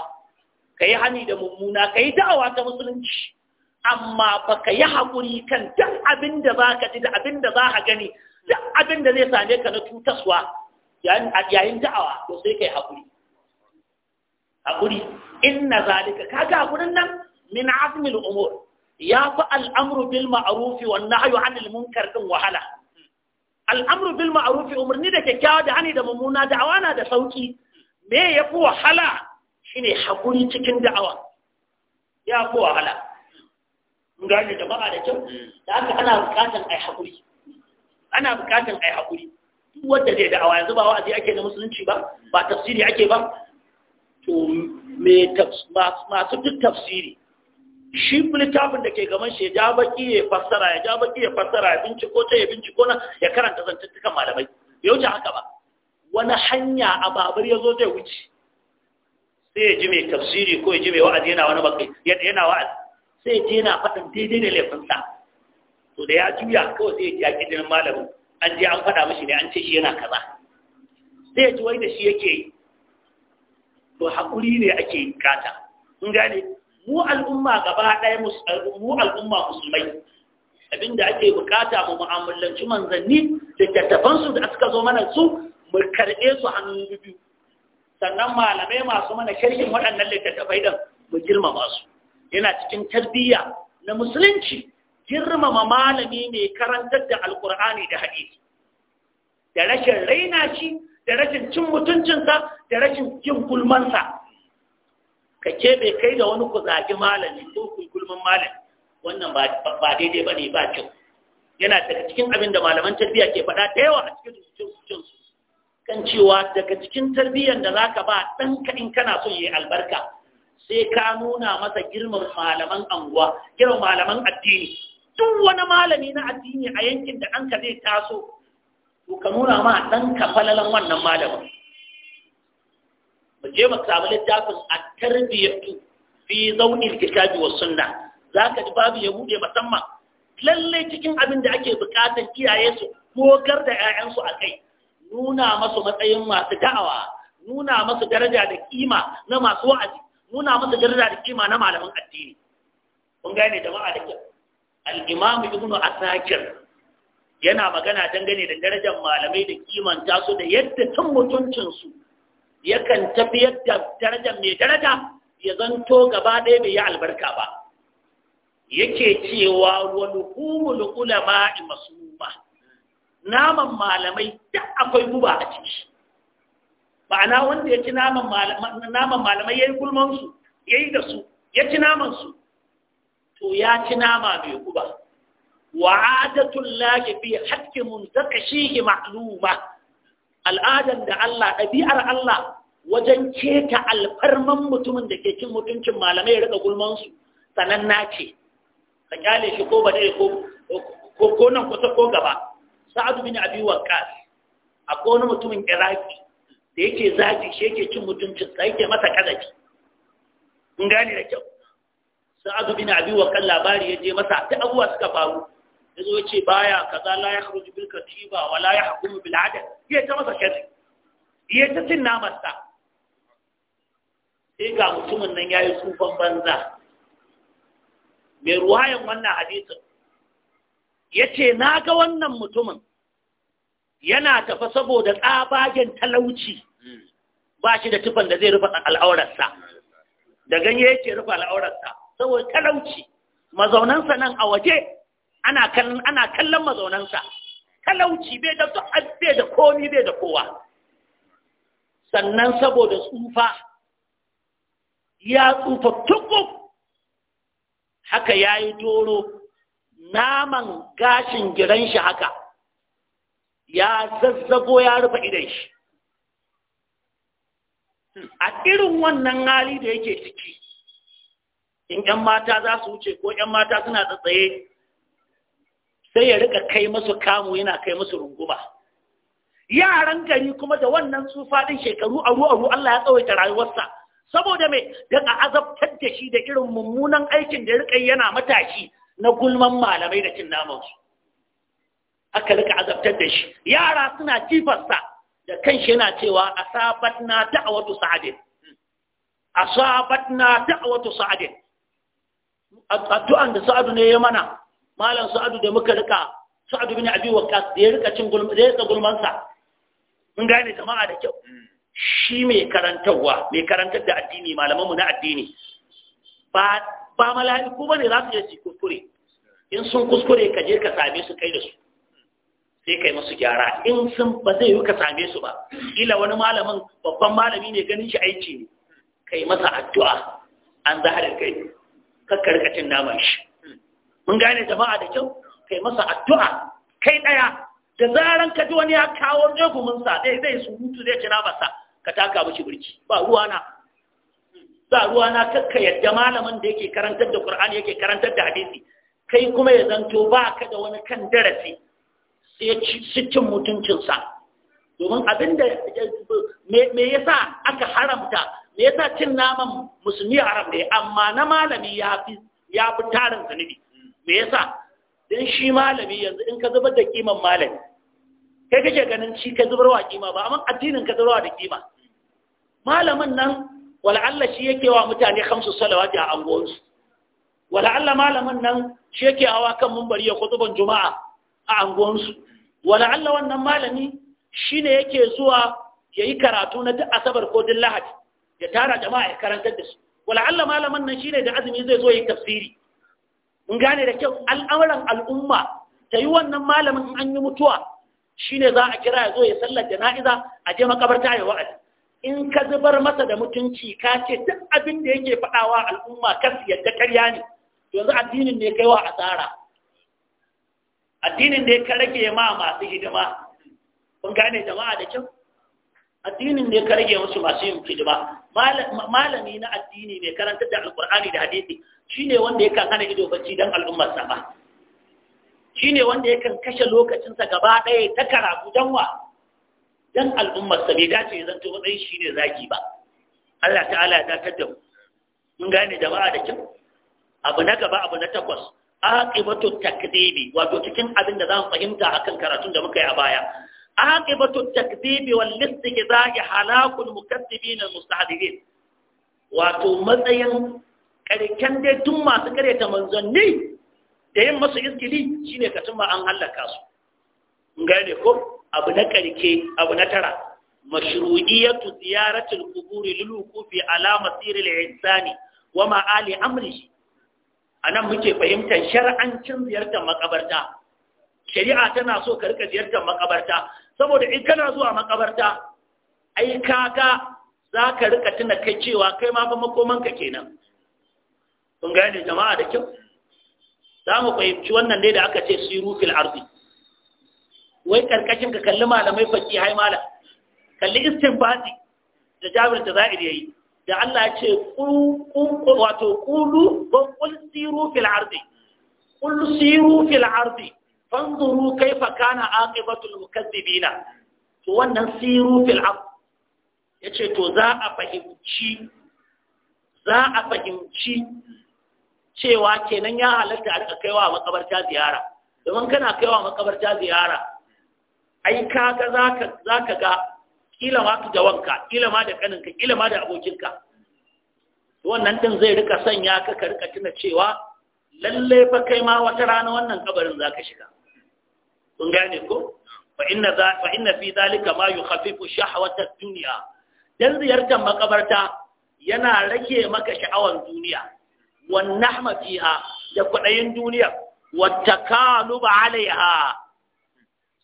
kai hani da mummuna kai da'awa ta musulunci amma baka yi haƙuri kan duk abin da za ka ji da abin da za ka gani duk abin da zai same ka na cutaswa yayin da'awa to sai ka yi haƙuri haƙuri inna zalika kaga haƙurin nan min azmil umur ya fi al'amru bil ma'ruf wa nahyu anil munkar din wahala al'amru bil ma'ruf umarni da kyakkyawa da hani da mummuna da'awa na da sauki me ya fi wahala shine haƙuri cikin da'awa ya fi wahala gane jama'a da kyau mm. da haka ana bukatan ai hakuri ana bukatan ai hakuri duk wadda zai da'awa yanzu ba wa'azi ake na musulunci ba ba tafsiri ake ba to me masu duk tafsiri shi littafin da ke gaban shi ya baki ya fassara ya ja baki ya fassara ya binciko ta ya binciko na ya karanta zantuttukan malamai ya wuce haka ba wani hanya a babur ya zo zai wuce sai ya ji mai tafsiri ko ya ji mai wa'azi yana wani bakai yana wa'azi sai je na faɗin daidai da laifinsa to da ya juya kawai sai ya ji jinin malamin an je an faɗa mashi ne an ce shi yana kaza sai ji wai da shi yake to haƙuri ne ake kata in gane mu al'umma gaba ɗaya mu al'umma musulmai abinda ake bukata mu mu'amalanci manzanni littattafansu da suka zo mana su mu karɓe su hannu biyu sannan malamai masu mana sharhin waɗannan littattafai ɗin mu girmama su yana cikin tarbiyya na musulunci girmama malami mai karantar da alkur'ani da hadisi da rashin raina shi da rashin cin mutuncinsa da rashin jin gulmansa ka keɓe kai da wani ku malami ko gulman malami wannan ba daidai ba ne ba kyau yana daga cikin abin da malaman tarbiyya ke faɗa da yawa a cikin rubuce kan cewa daga cikin tarbiyyar da za ka ba ɗanka in kana son yi albarka sai ka nuna masa girman malaman anguwa girman malaman addini duk wani malami na addini a yankin da ɗanka zai taso to ka nuna ma ɗanka falalan wannan malamin mu je mu samu littafin a tarbiyyatu fi al kitabi wa sunna za ji babu ya bude musamman lalle cikin abin da ake bukatar iyaye su kokar da 'ya'yansu a kai nuna masu matsayin masu da'awa nuna masu daraja da kima na masu wa'azi nuna musu daraja da kima na malamin addini kun gane jama'a da kyau al-imam ibn asakir yana magana dangane da darajar malamai da kimanta su da yadda tun mutuncin su yakan tafi yadda darajar mai daraja ya zanto gaba ɗaya bai yi albarka ba yake cewa wani humul ulama masuma naman malamai duk akwai guba a ciki ma'ana wanda ya ci naman malamai ya yi gulmansu ya yi da su ya ci namansu to ya ci nama mai guba wa'adatun lagi bi hakimun zaka shi ma'luma al'adar da Allah ɗabi'ar Allah wajen keta alfarman mutumin da ke cin mutuncin malamai ya rika gulmansu sananna ce ka kyale shi ko ba dai ko nan kusa ko gaba sa'adu bin abi waqas akwai wani mutumin iraki da yake zafi shi yake cin mutuncin sa yake masa kazafi in gane da kyau sa'adu bin abi wa kan labari ya je masa ta abuwa suka faru ya zo ce baya kaza la ya khruju bil katiba wa la ya hukumu bil adal ya ta masa sharri ya ta cin namarsa sai ga mutumin nan yayi tsufan banza mai ruwayan wannan hadisin yace na ga wannan mutumin yana tafa saboda tsabagen talauci ba shi da tufan da zai rufa al'aurarsa da ganye yake rufe al'aurarsa saboda talauci mazaunansa nan a waje ana kallon mazaunansa talauci bai da bai da komi bai da kowa sannan saboda tsufa ya tsufa tukuk haka ya yi toro naman gashin giran shi haka ya zazzabo ya rufe idan shi a irin wannan hali da yake ciki in ‘yan mata za su wuce ko ‘yan mata suna tsatsaye sai ya rika kai masu kamu yana kai masu runguma yaran gari kuma da wannan tsufa ɗin shekaru aru-aru Allah ya tsawaita rayuwarsa saboda mai don azabtar da shi da irin mummunan aikin da ya rika yana matashi na gulman malamai da cin namansu aka rika azabtar da shi yara suna kifarsa da kanshi yana cewa asabatna da'watu sa'adin asabatna da'watu sa'adin addu'an da sa'adu ne ya mana malam sa'adu da muka rika sa'adu bin abi waqas da ya rika cin gulma da ya rika gulman sa mun gane jama'a da kyau hmm. shi mai karantarwa mai karantar da addini malaman mu na addini ba ba mala'iku bane za su je su kuskure in sun kuskure ka je ka same su kai da su sai kai masu gyara in sun ba zai yi ka same su ba kila wani malamin babban malami ne ganin shi aiki ne kai masa addu'a an zahar kai kakkarkacin naman shi mun gane jama'a da kyau kai masa addu'a kai ɗaya da zaran ka ji wani ya kawo sa, dai zai su mutu zai ci namasa ka taka mishi birki ba ruwa na ba na kakka yadda malamin da yake karantar da Qur'ani yake karantar da hadisi kai kuma ya zanto ba ka da wani kan darasi sai cin mutuncinsa domin abin da me yasa aka haramta me yasa cin naman musulmi haram ne amma na malami ya fi tarin zanibi. me ya sa? Don shi malami yanzu in ka zubar da kiman malami kai kake ganin shi ka zubarwa kima ba amma addinin ka zubarwa da kima malamin nan wala'alla shi yake wa mutane hamsu salawati a anguwansu wala'alla malamin nan shi yake hawa kan mumbari ya kutuban juma'a a unguwarsu. wala Allah wannan malami shine yake zuwa yayi karatu na duk asabar ko duk lahadi ya tara jama'a ya karantar da su wala Allah malaman nan shine da azumi zai zo yi tafsiri mun gane da kyau al'amuran al'umma ta yi wannan malamin in an yi mutuwa shine za a kira ya zo ya sallar jana'iza a je makabarta ya wa'azi in ka zubar masa da mutunci ka ce duk abin da yake faɗawa al'umma kar yadda karya ne yanzu addinin ne kaiwa asara addinin da ya karge ma masu hidima kun gane jama'a da kyau addinin da ya karge musu masu yin hidima malami na addini mai karantar da alkur'ani da hadisi shine wanda ya kan hana ido bacci dan al'ummar sa ba shine wanda ya kan kashe lokacinsa gaba ɗaya ta karatu dan wa dan al'ummar sa bai dace ya zanto wani shine zaki ba Allah ta'ala ya dakatar mu mun gane jama'a da kyau abu na gaba abu na takwas aqibatu takdibi wato cikin abin da zamu fahimta akan karatun da muka yi a baya aqibatu takdibi wal istihza'i halakul mukaththibin al mustahdirin wato matsayin karkan dai tun masu kareta manzanni da yin masu iskili shine ka an halaka su ngare ko abu na karke abu na tara ziyaratul quburi lil للوقوف ala masiril ihsani wa ma'ali amrihi a nan muke fahimtar shar'ancin ziyartar makabarta shari'a tana so ka rika ziyartar makabarta saboda in kana zuwa makabarta ai kaka za ka rika tuna kai cewa kai ma fa makomanka kenan kun gane jama'a da kyau za mu fahimci wannan ne da aka ce su yi fil ardi wai karkashin ka kalli malamai faki hai mala kalli istinbati da jabir da za'ir yayi da Allah ya ce wato kulu ko kul fil ardi kul fil ardi fanzuru fa kana aqibatul mukazzibina to wannan siru fil ardi yace to za a fahimci za a fahimci cewa kenan ya halatta a rika kaiwa makabarta ziyara domin kana kaiwa makabarta ziyara ai ga zaka zaka ga kila ma ka jawanka kila ma da kaninka kila ma da abokinka wannan din zai rika sanya ka ka rika tuna cewa lalle fa kai ma wata rana wannan kabarin zaka shiga kun gane ko fa inna za fa inna fi zalika ma yukhaffifu shahwata ad-dunya dan ziyartar makabarta yana rage maka sha'awan duniya wan nahma fiha da kudayin duniya wat takaluba alaiha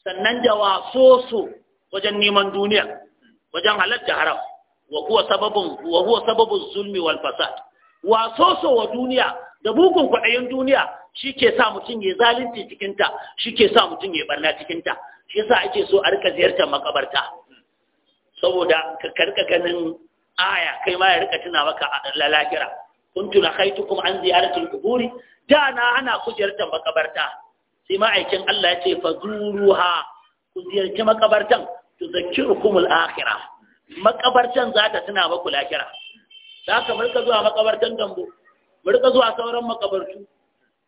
sannan da wasoso wajen neman duniya wajen halatta haram wa huwa sababun wa huwa sababun zulmi wal fasad wa soso wa duniya da bugun kwaɗayin duniya shi sa mutum ya zalunci cikinta shi ke sa mutum ya barna cikinta shi yasa ake so a rika ziyartar makabarta saboda ka karka ganin aya kai ma ya rika tuna maka lalakira kuntu khaytukum an ziyaratil quburi da na ana ku ziyartar makabarta sai ma'aikin Allah ya ce fazuruha ku ziyarci makabartan tuzakkirukum al-akhirah makabartan za ta tuna maku lahira za ka murka zuwa makabartan gambo murka zuwa sauran makabartu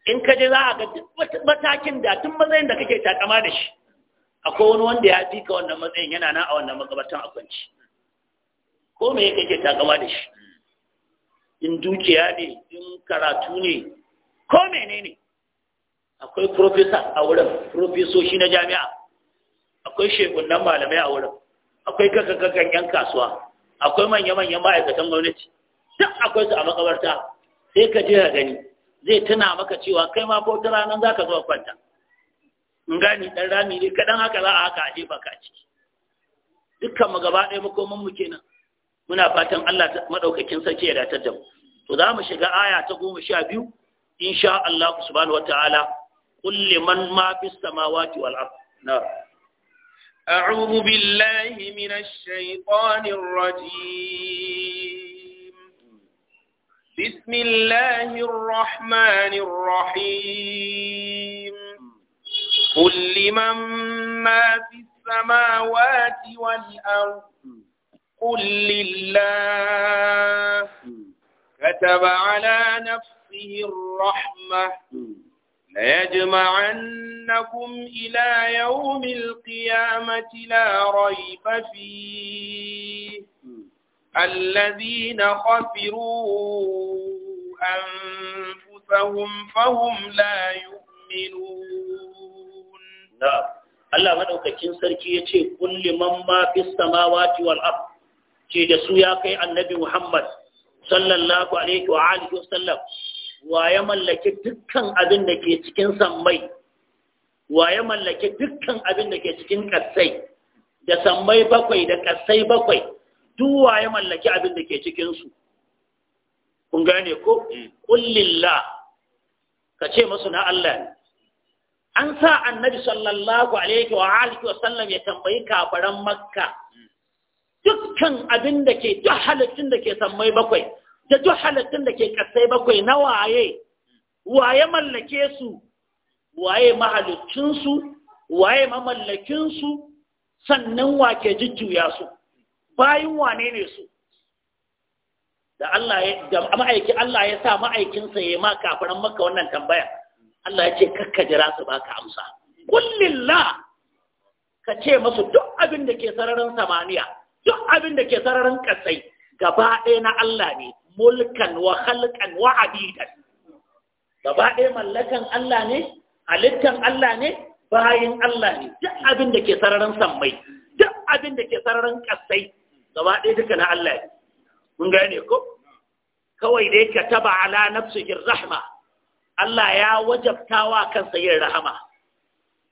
in ka je za a ga duk matakin da tun matsayin da kake takama da shi akwai wani wanda ya fi ka wannan matsayin yana na a wannan makabartan a kwanci ko me yake kake takama da shi in dukiya ne in karatu ne ko menene akwai profesa a wurin profesoshi na jami'a akwai shegunan malamai a wurin akwai kakakakan yan kasuwa akwai manya-manyan ma'aikatan gwamnati duk akwai su a makabarta sai ka je ka gani zai tuna maka cewa kai ma bauta ranar za ka zo kwanta in gani dan rami ne kaɗan haka za a haka a jefa ka ciki dukkan mu gaba ɗaya makoman mu kenan muna fatan Allah madaukakin sarki ya datar da mu to za mu shiga aya ta goma sha biyu insha Allah subhanahu wataala kulli man ma fis samawati wal أعوذ بالله من الشيطان الرجيم بسم الله الرحمن الرحيم قل لمن ما في السماوات والأرض قل لله كتب على نفسه الرحمة ليجمعنكم إلى يوم القيامة لا ريب فيه الذين خفروا أنفسهم فهم لا يؤمنون نعم Allah madaukakin sarki ya ce, Kulli mamma fi samawati wal ab, ce da su ya kai annabi Muhammad, sallallahu alaihi wa alihi wa sallam, wa ya mallaki dukkan abin da ke cikin sammai wa ya mallaki dukkan abin da ke cikin ƙasai da sammai bakwai da ƙasai bakwai duk wa ya mallaki abin da ke cikinsu kun gane ko kullillah mm. ka ce masu na Allah ne an sa annabi sallallahu alaihi wa alihi wa sallam ya tambayi kafaran makka mm. dukkan abin da ke duk halittun da ke sammai bakwai da duk halittun da ke kasai bakwai na waye waye mallake su waye mahalittunsu? waye mamallakinsu sannan wa ke jujjuya su bayin wane ne su da Allah ya Allah ya sa ma'aikinsa ya ma kafinan maka wannan tambaya Allah ya ce kakka jira su baka amsa kullillah ka ce masu duk abin da ke sararin samaniya duk abin da ke sararin kasai gaba ɗaya na Allah ne mulkan wa khalqan wa abidan gaba ɗaya mallakan Allah ne halittan Allah ne bayin Allah ne duk abin da ke sararin sammai duk abin da ke sararin kasai gaba ɗaya duka na Allah ne mun gane ko kawai dai ka taba ala nafsihi rahma Allah ya wajabtawa kansa yin rahama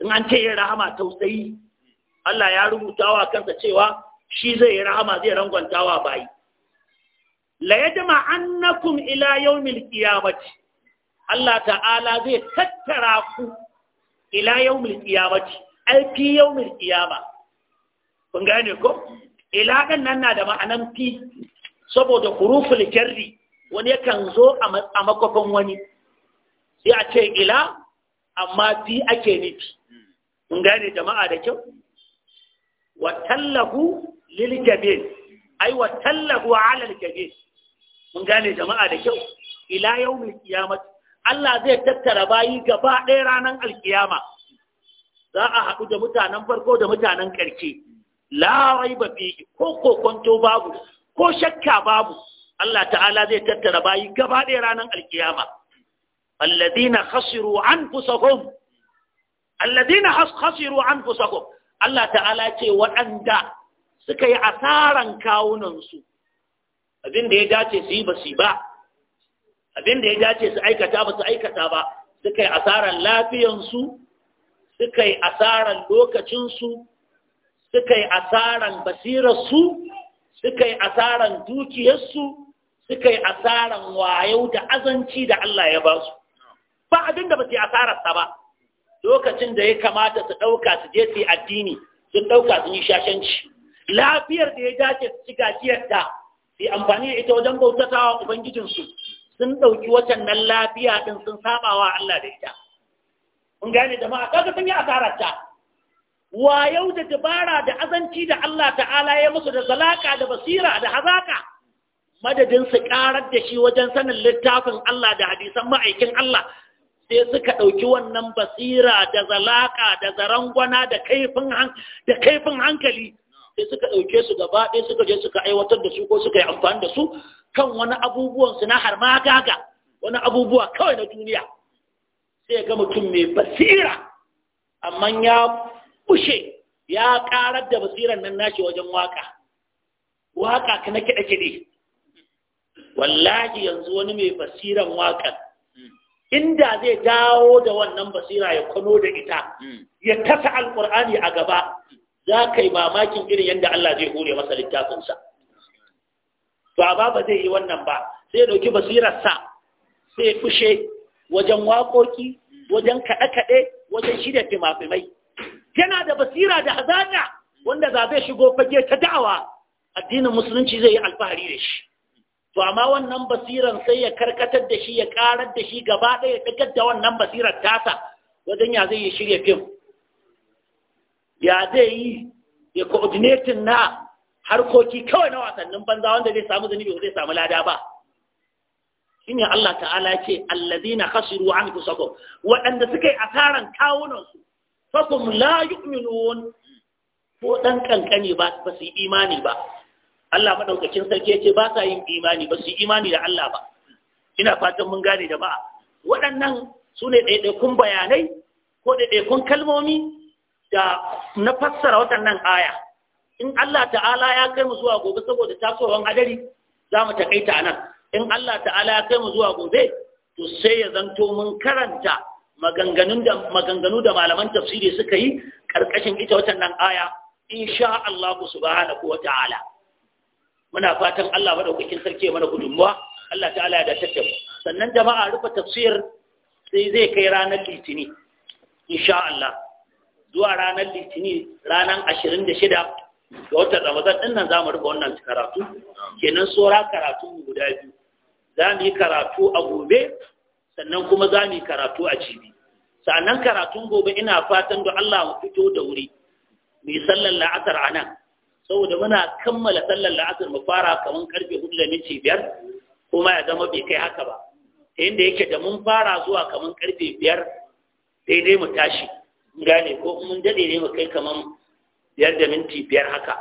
in an ce yin rahama tausayi Allah ya rubuta wa kansa cewa shi zai yi rahama zai rangwantawa bayi la yajma annakum ila yawmil qiyamati Allah ta'ala zai tattara ku ila yawmil qiyamati ai fi yawmil qiyama kun gane ko ila kan nan na da ma'anan fi saboda huruful jarri wani yakan zo a makwafin wani sai a ce ila amma fi ake nufi kun gane jama'a da kyau wa tallahu lil jabir ai wa tallahu ala al jabir mun gane jama'a da kyau ila yawmin qiyamah Allah zai tattara bayi gaba ɗaya ranar alkiyama za a haɗu da mutanen farko da mutanen ƙarshe Lawai ba fihi ko kokonto babu ko shakka babu Allah ta'ala zai tattara bayi gaba ɗaya ranar alkiyama Alladina khasiru anfusahum alladhina khasiru anfusahum Allah ta'ala ce waɗanda suka yi asaran kawunansu abin da ya dace su yi ba su ba abin da ya dace su aikata ba su aikata ba suka yi asarar lafiyansu suka yi asarar lokacinsu suka yi asarar basirarsu suka yi asarar dukiyarsu suka yi asarar wayau da azanci da Allah ya ba su ba abin da ba su yi asararsa ba lokacin da ya kamata su ɗauka su je su yi addini sun ɗauka sun yi shashanci lafiyar da ya dace su ci gajiyar ta. sai amfani da ita wajen bautata bautatawa ubangijinsu sun ɗauki waccan nan lafiya ɗin sun sabawa Allah da ita Mun gane jama'a kaga sun yi asarar ta yau da dabara da azanci da Allah ta'ala ya musu da zalaka da basira da hazaka madadin su karar da shi wajen sanin littafin Allah da hadisan ma'aikin Allah sai suka ɗauki wannan basira da zalaka da zarangwana da kaifin hankali sai suka ɗauke su gaba ɗaya suka je suka aiwatar da su ko suka yi amfani da su kan wani abubuwan su na har gaga wani abubuwa kawai na duniya sai ga mutum mai basira amma ya bushe ya ƙarar da basiran nan nashi wajen waka waka ka na kiɗe-kiɗe wallahi yanzu wani mai basiran waƙar. inda zai dawo da wannan basira ya kwano da ita hmm. ya tasa alkur'ani a gaba za ka yi mamakin irin yadda Allah zai hure masa littafinsa to a ba zai yi wannan ba sai dauki basirarsa sai fushe wajen waƙoƙi wajen kaɗe-kaɗe wajen shirya fimafimai yana da basira da hazaƙa wanda za zai shigo fage ta da'awa addinin musulunci zai yi alfahari da shi to amma wannan basiran sai ya karkatar da shi ya ƙarar da shi gaba ɗaya ya ɗagar da wannan basirar tasa wajen ya zai yi shirya fim ya zai yi ya coordinating na harkoki kawai na wasannin banza wanda zai samu zunubi zai samu lada ba shine Allah ta'ala ce allazina khasiru sako waɗanda suka yi asaran kawunan su fakum la yu'minun ko dan kankani ba su yi imani ba Allah madaukakin sarki yace ba sa yin imani ba su yi imani da Allah ba ina fatan mun gane da ba. waɗannan su ne ɗaiɗaikun bayanai ko ɗaiɗaikun kalmomi da na fassara waɗannan aya in Allah ta'ala ya kai mu zuwa gobe saboda tasowar hadari za mu takaita nan. in Allah ta'ala ya kai mu zuwa gobe to sai ya zanto mun karanta maganganun da maganganu da malaman tafsiri suka yi karkashin ita waɗannan aya insha Allah subhanahu wa ta'ala muna fatan Allah madaukakin sarki mana gudunmuwa Allah ta'ala ya dace mu sannan jama'a rufe tafsir sai zai kai ranar litini insha Allah zuwa ranar litinin ranar ashirin da shida ga watan ramazan ɗin nan za mu rufe wannan karatu kenan tsora karatu guda biyu za mu yi karatu a gobe sannan kuma za mu yi karatu a cibi sannan karatun gobe ina fatan da Allah mu fito da wuri mai sallan sallar la'asar a nan saboda muna kammala sallar la'asar mu fara kamar karfe hudu da minti biyar kuma ya zama bai kai haka ba ta yadda yake da mun fara zuwa kamar karfe biyar daidai mu tashi gane ko mun dade ne kai kaman biyar da minti biyar haka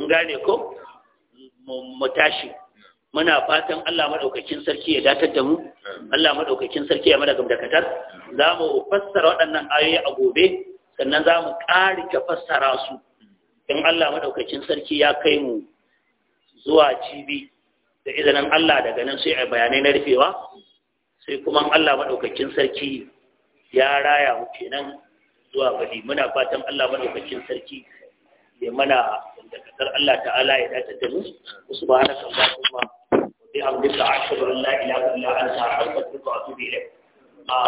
mun gane ko mu tashi muna fatan Allah madaukakin sarki ya datar da mu Allah madaukakin sarki ya da katar za mu fassara waɗannan ayoyi a gobe sannan za mu ƙara ka fassara su in Allah madaukakin sarki ya kai mu zuwa cibi da izinin Allah daga nan sai a bayanai na rufewa sai kuma Allah maɗaukakin sarki ya raya mu kenan zuwa gari muna fatan Allah madaukakin sarki ya mana da kasar Allah ta'ala ya dace da mu subhanaka allahumma wa bihamdika ashhadu an la ilaha illa anta astaghfiruka wa atubu ilayk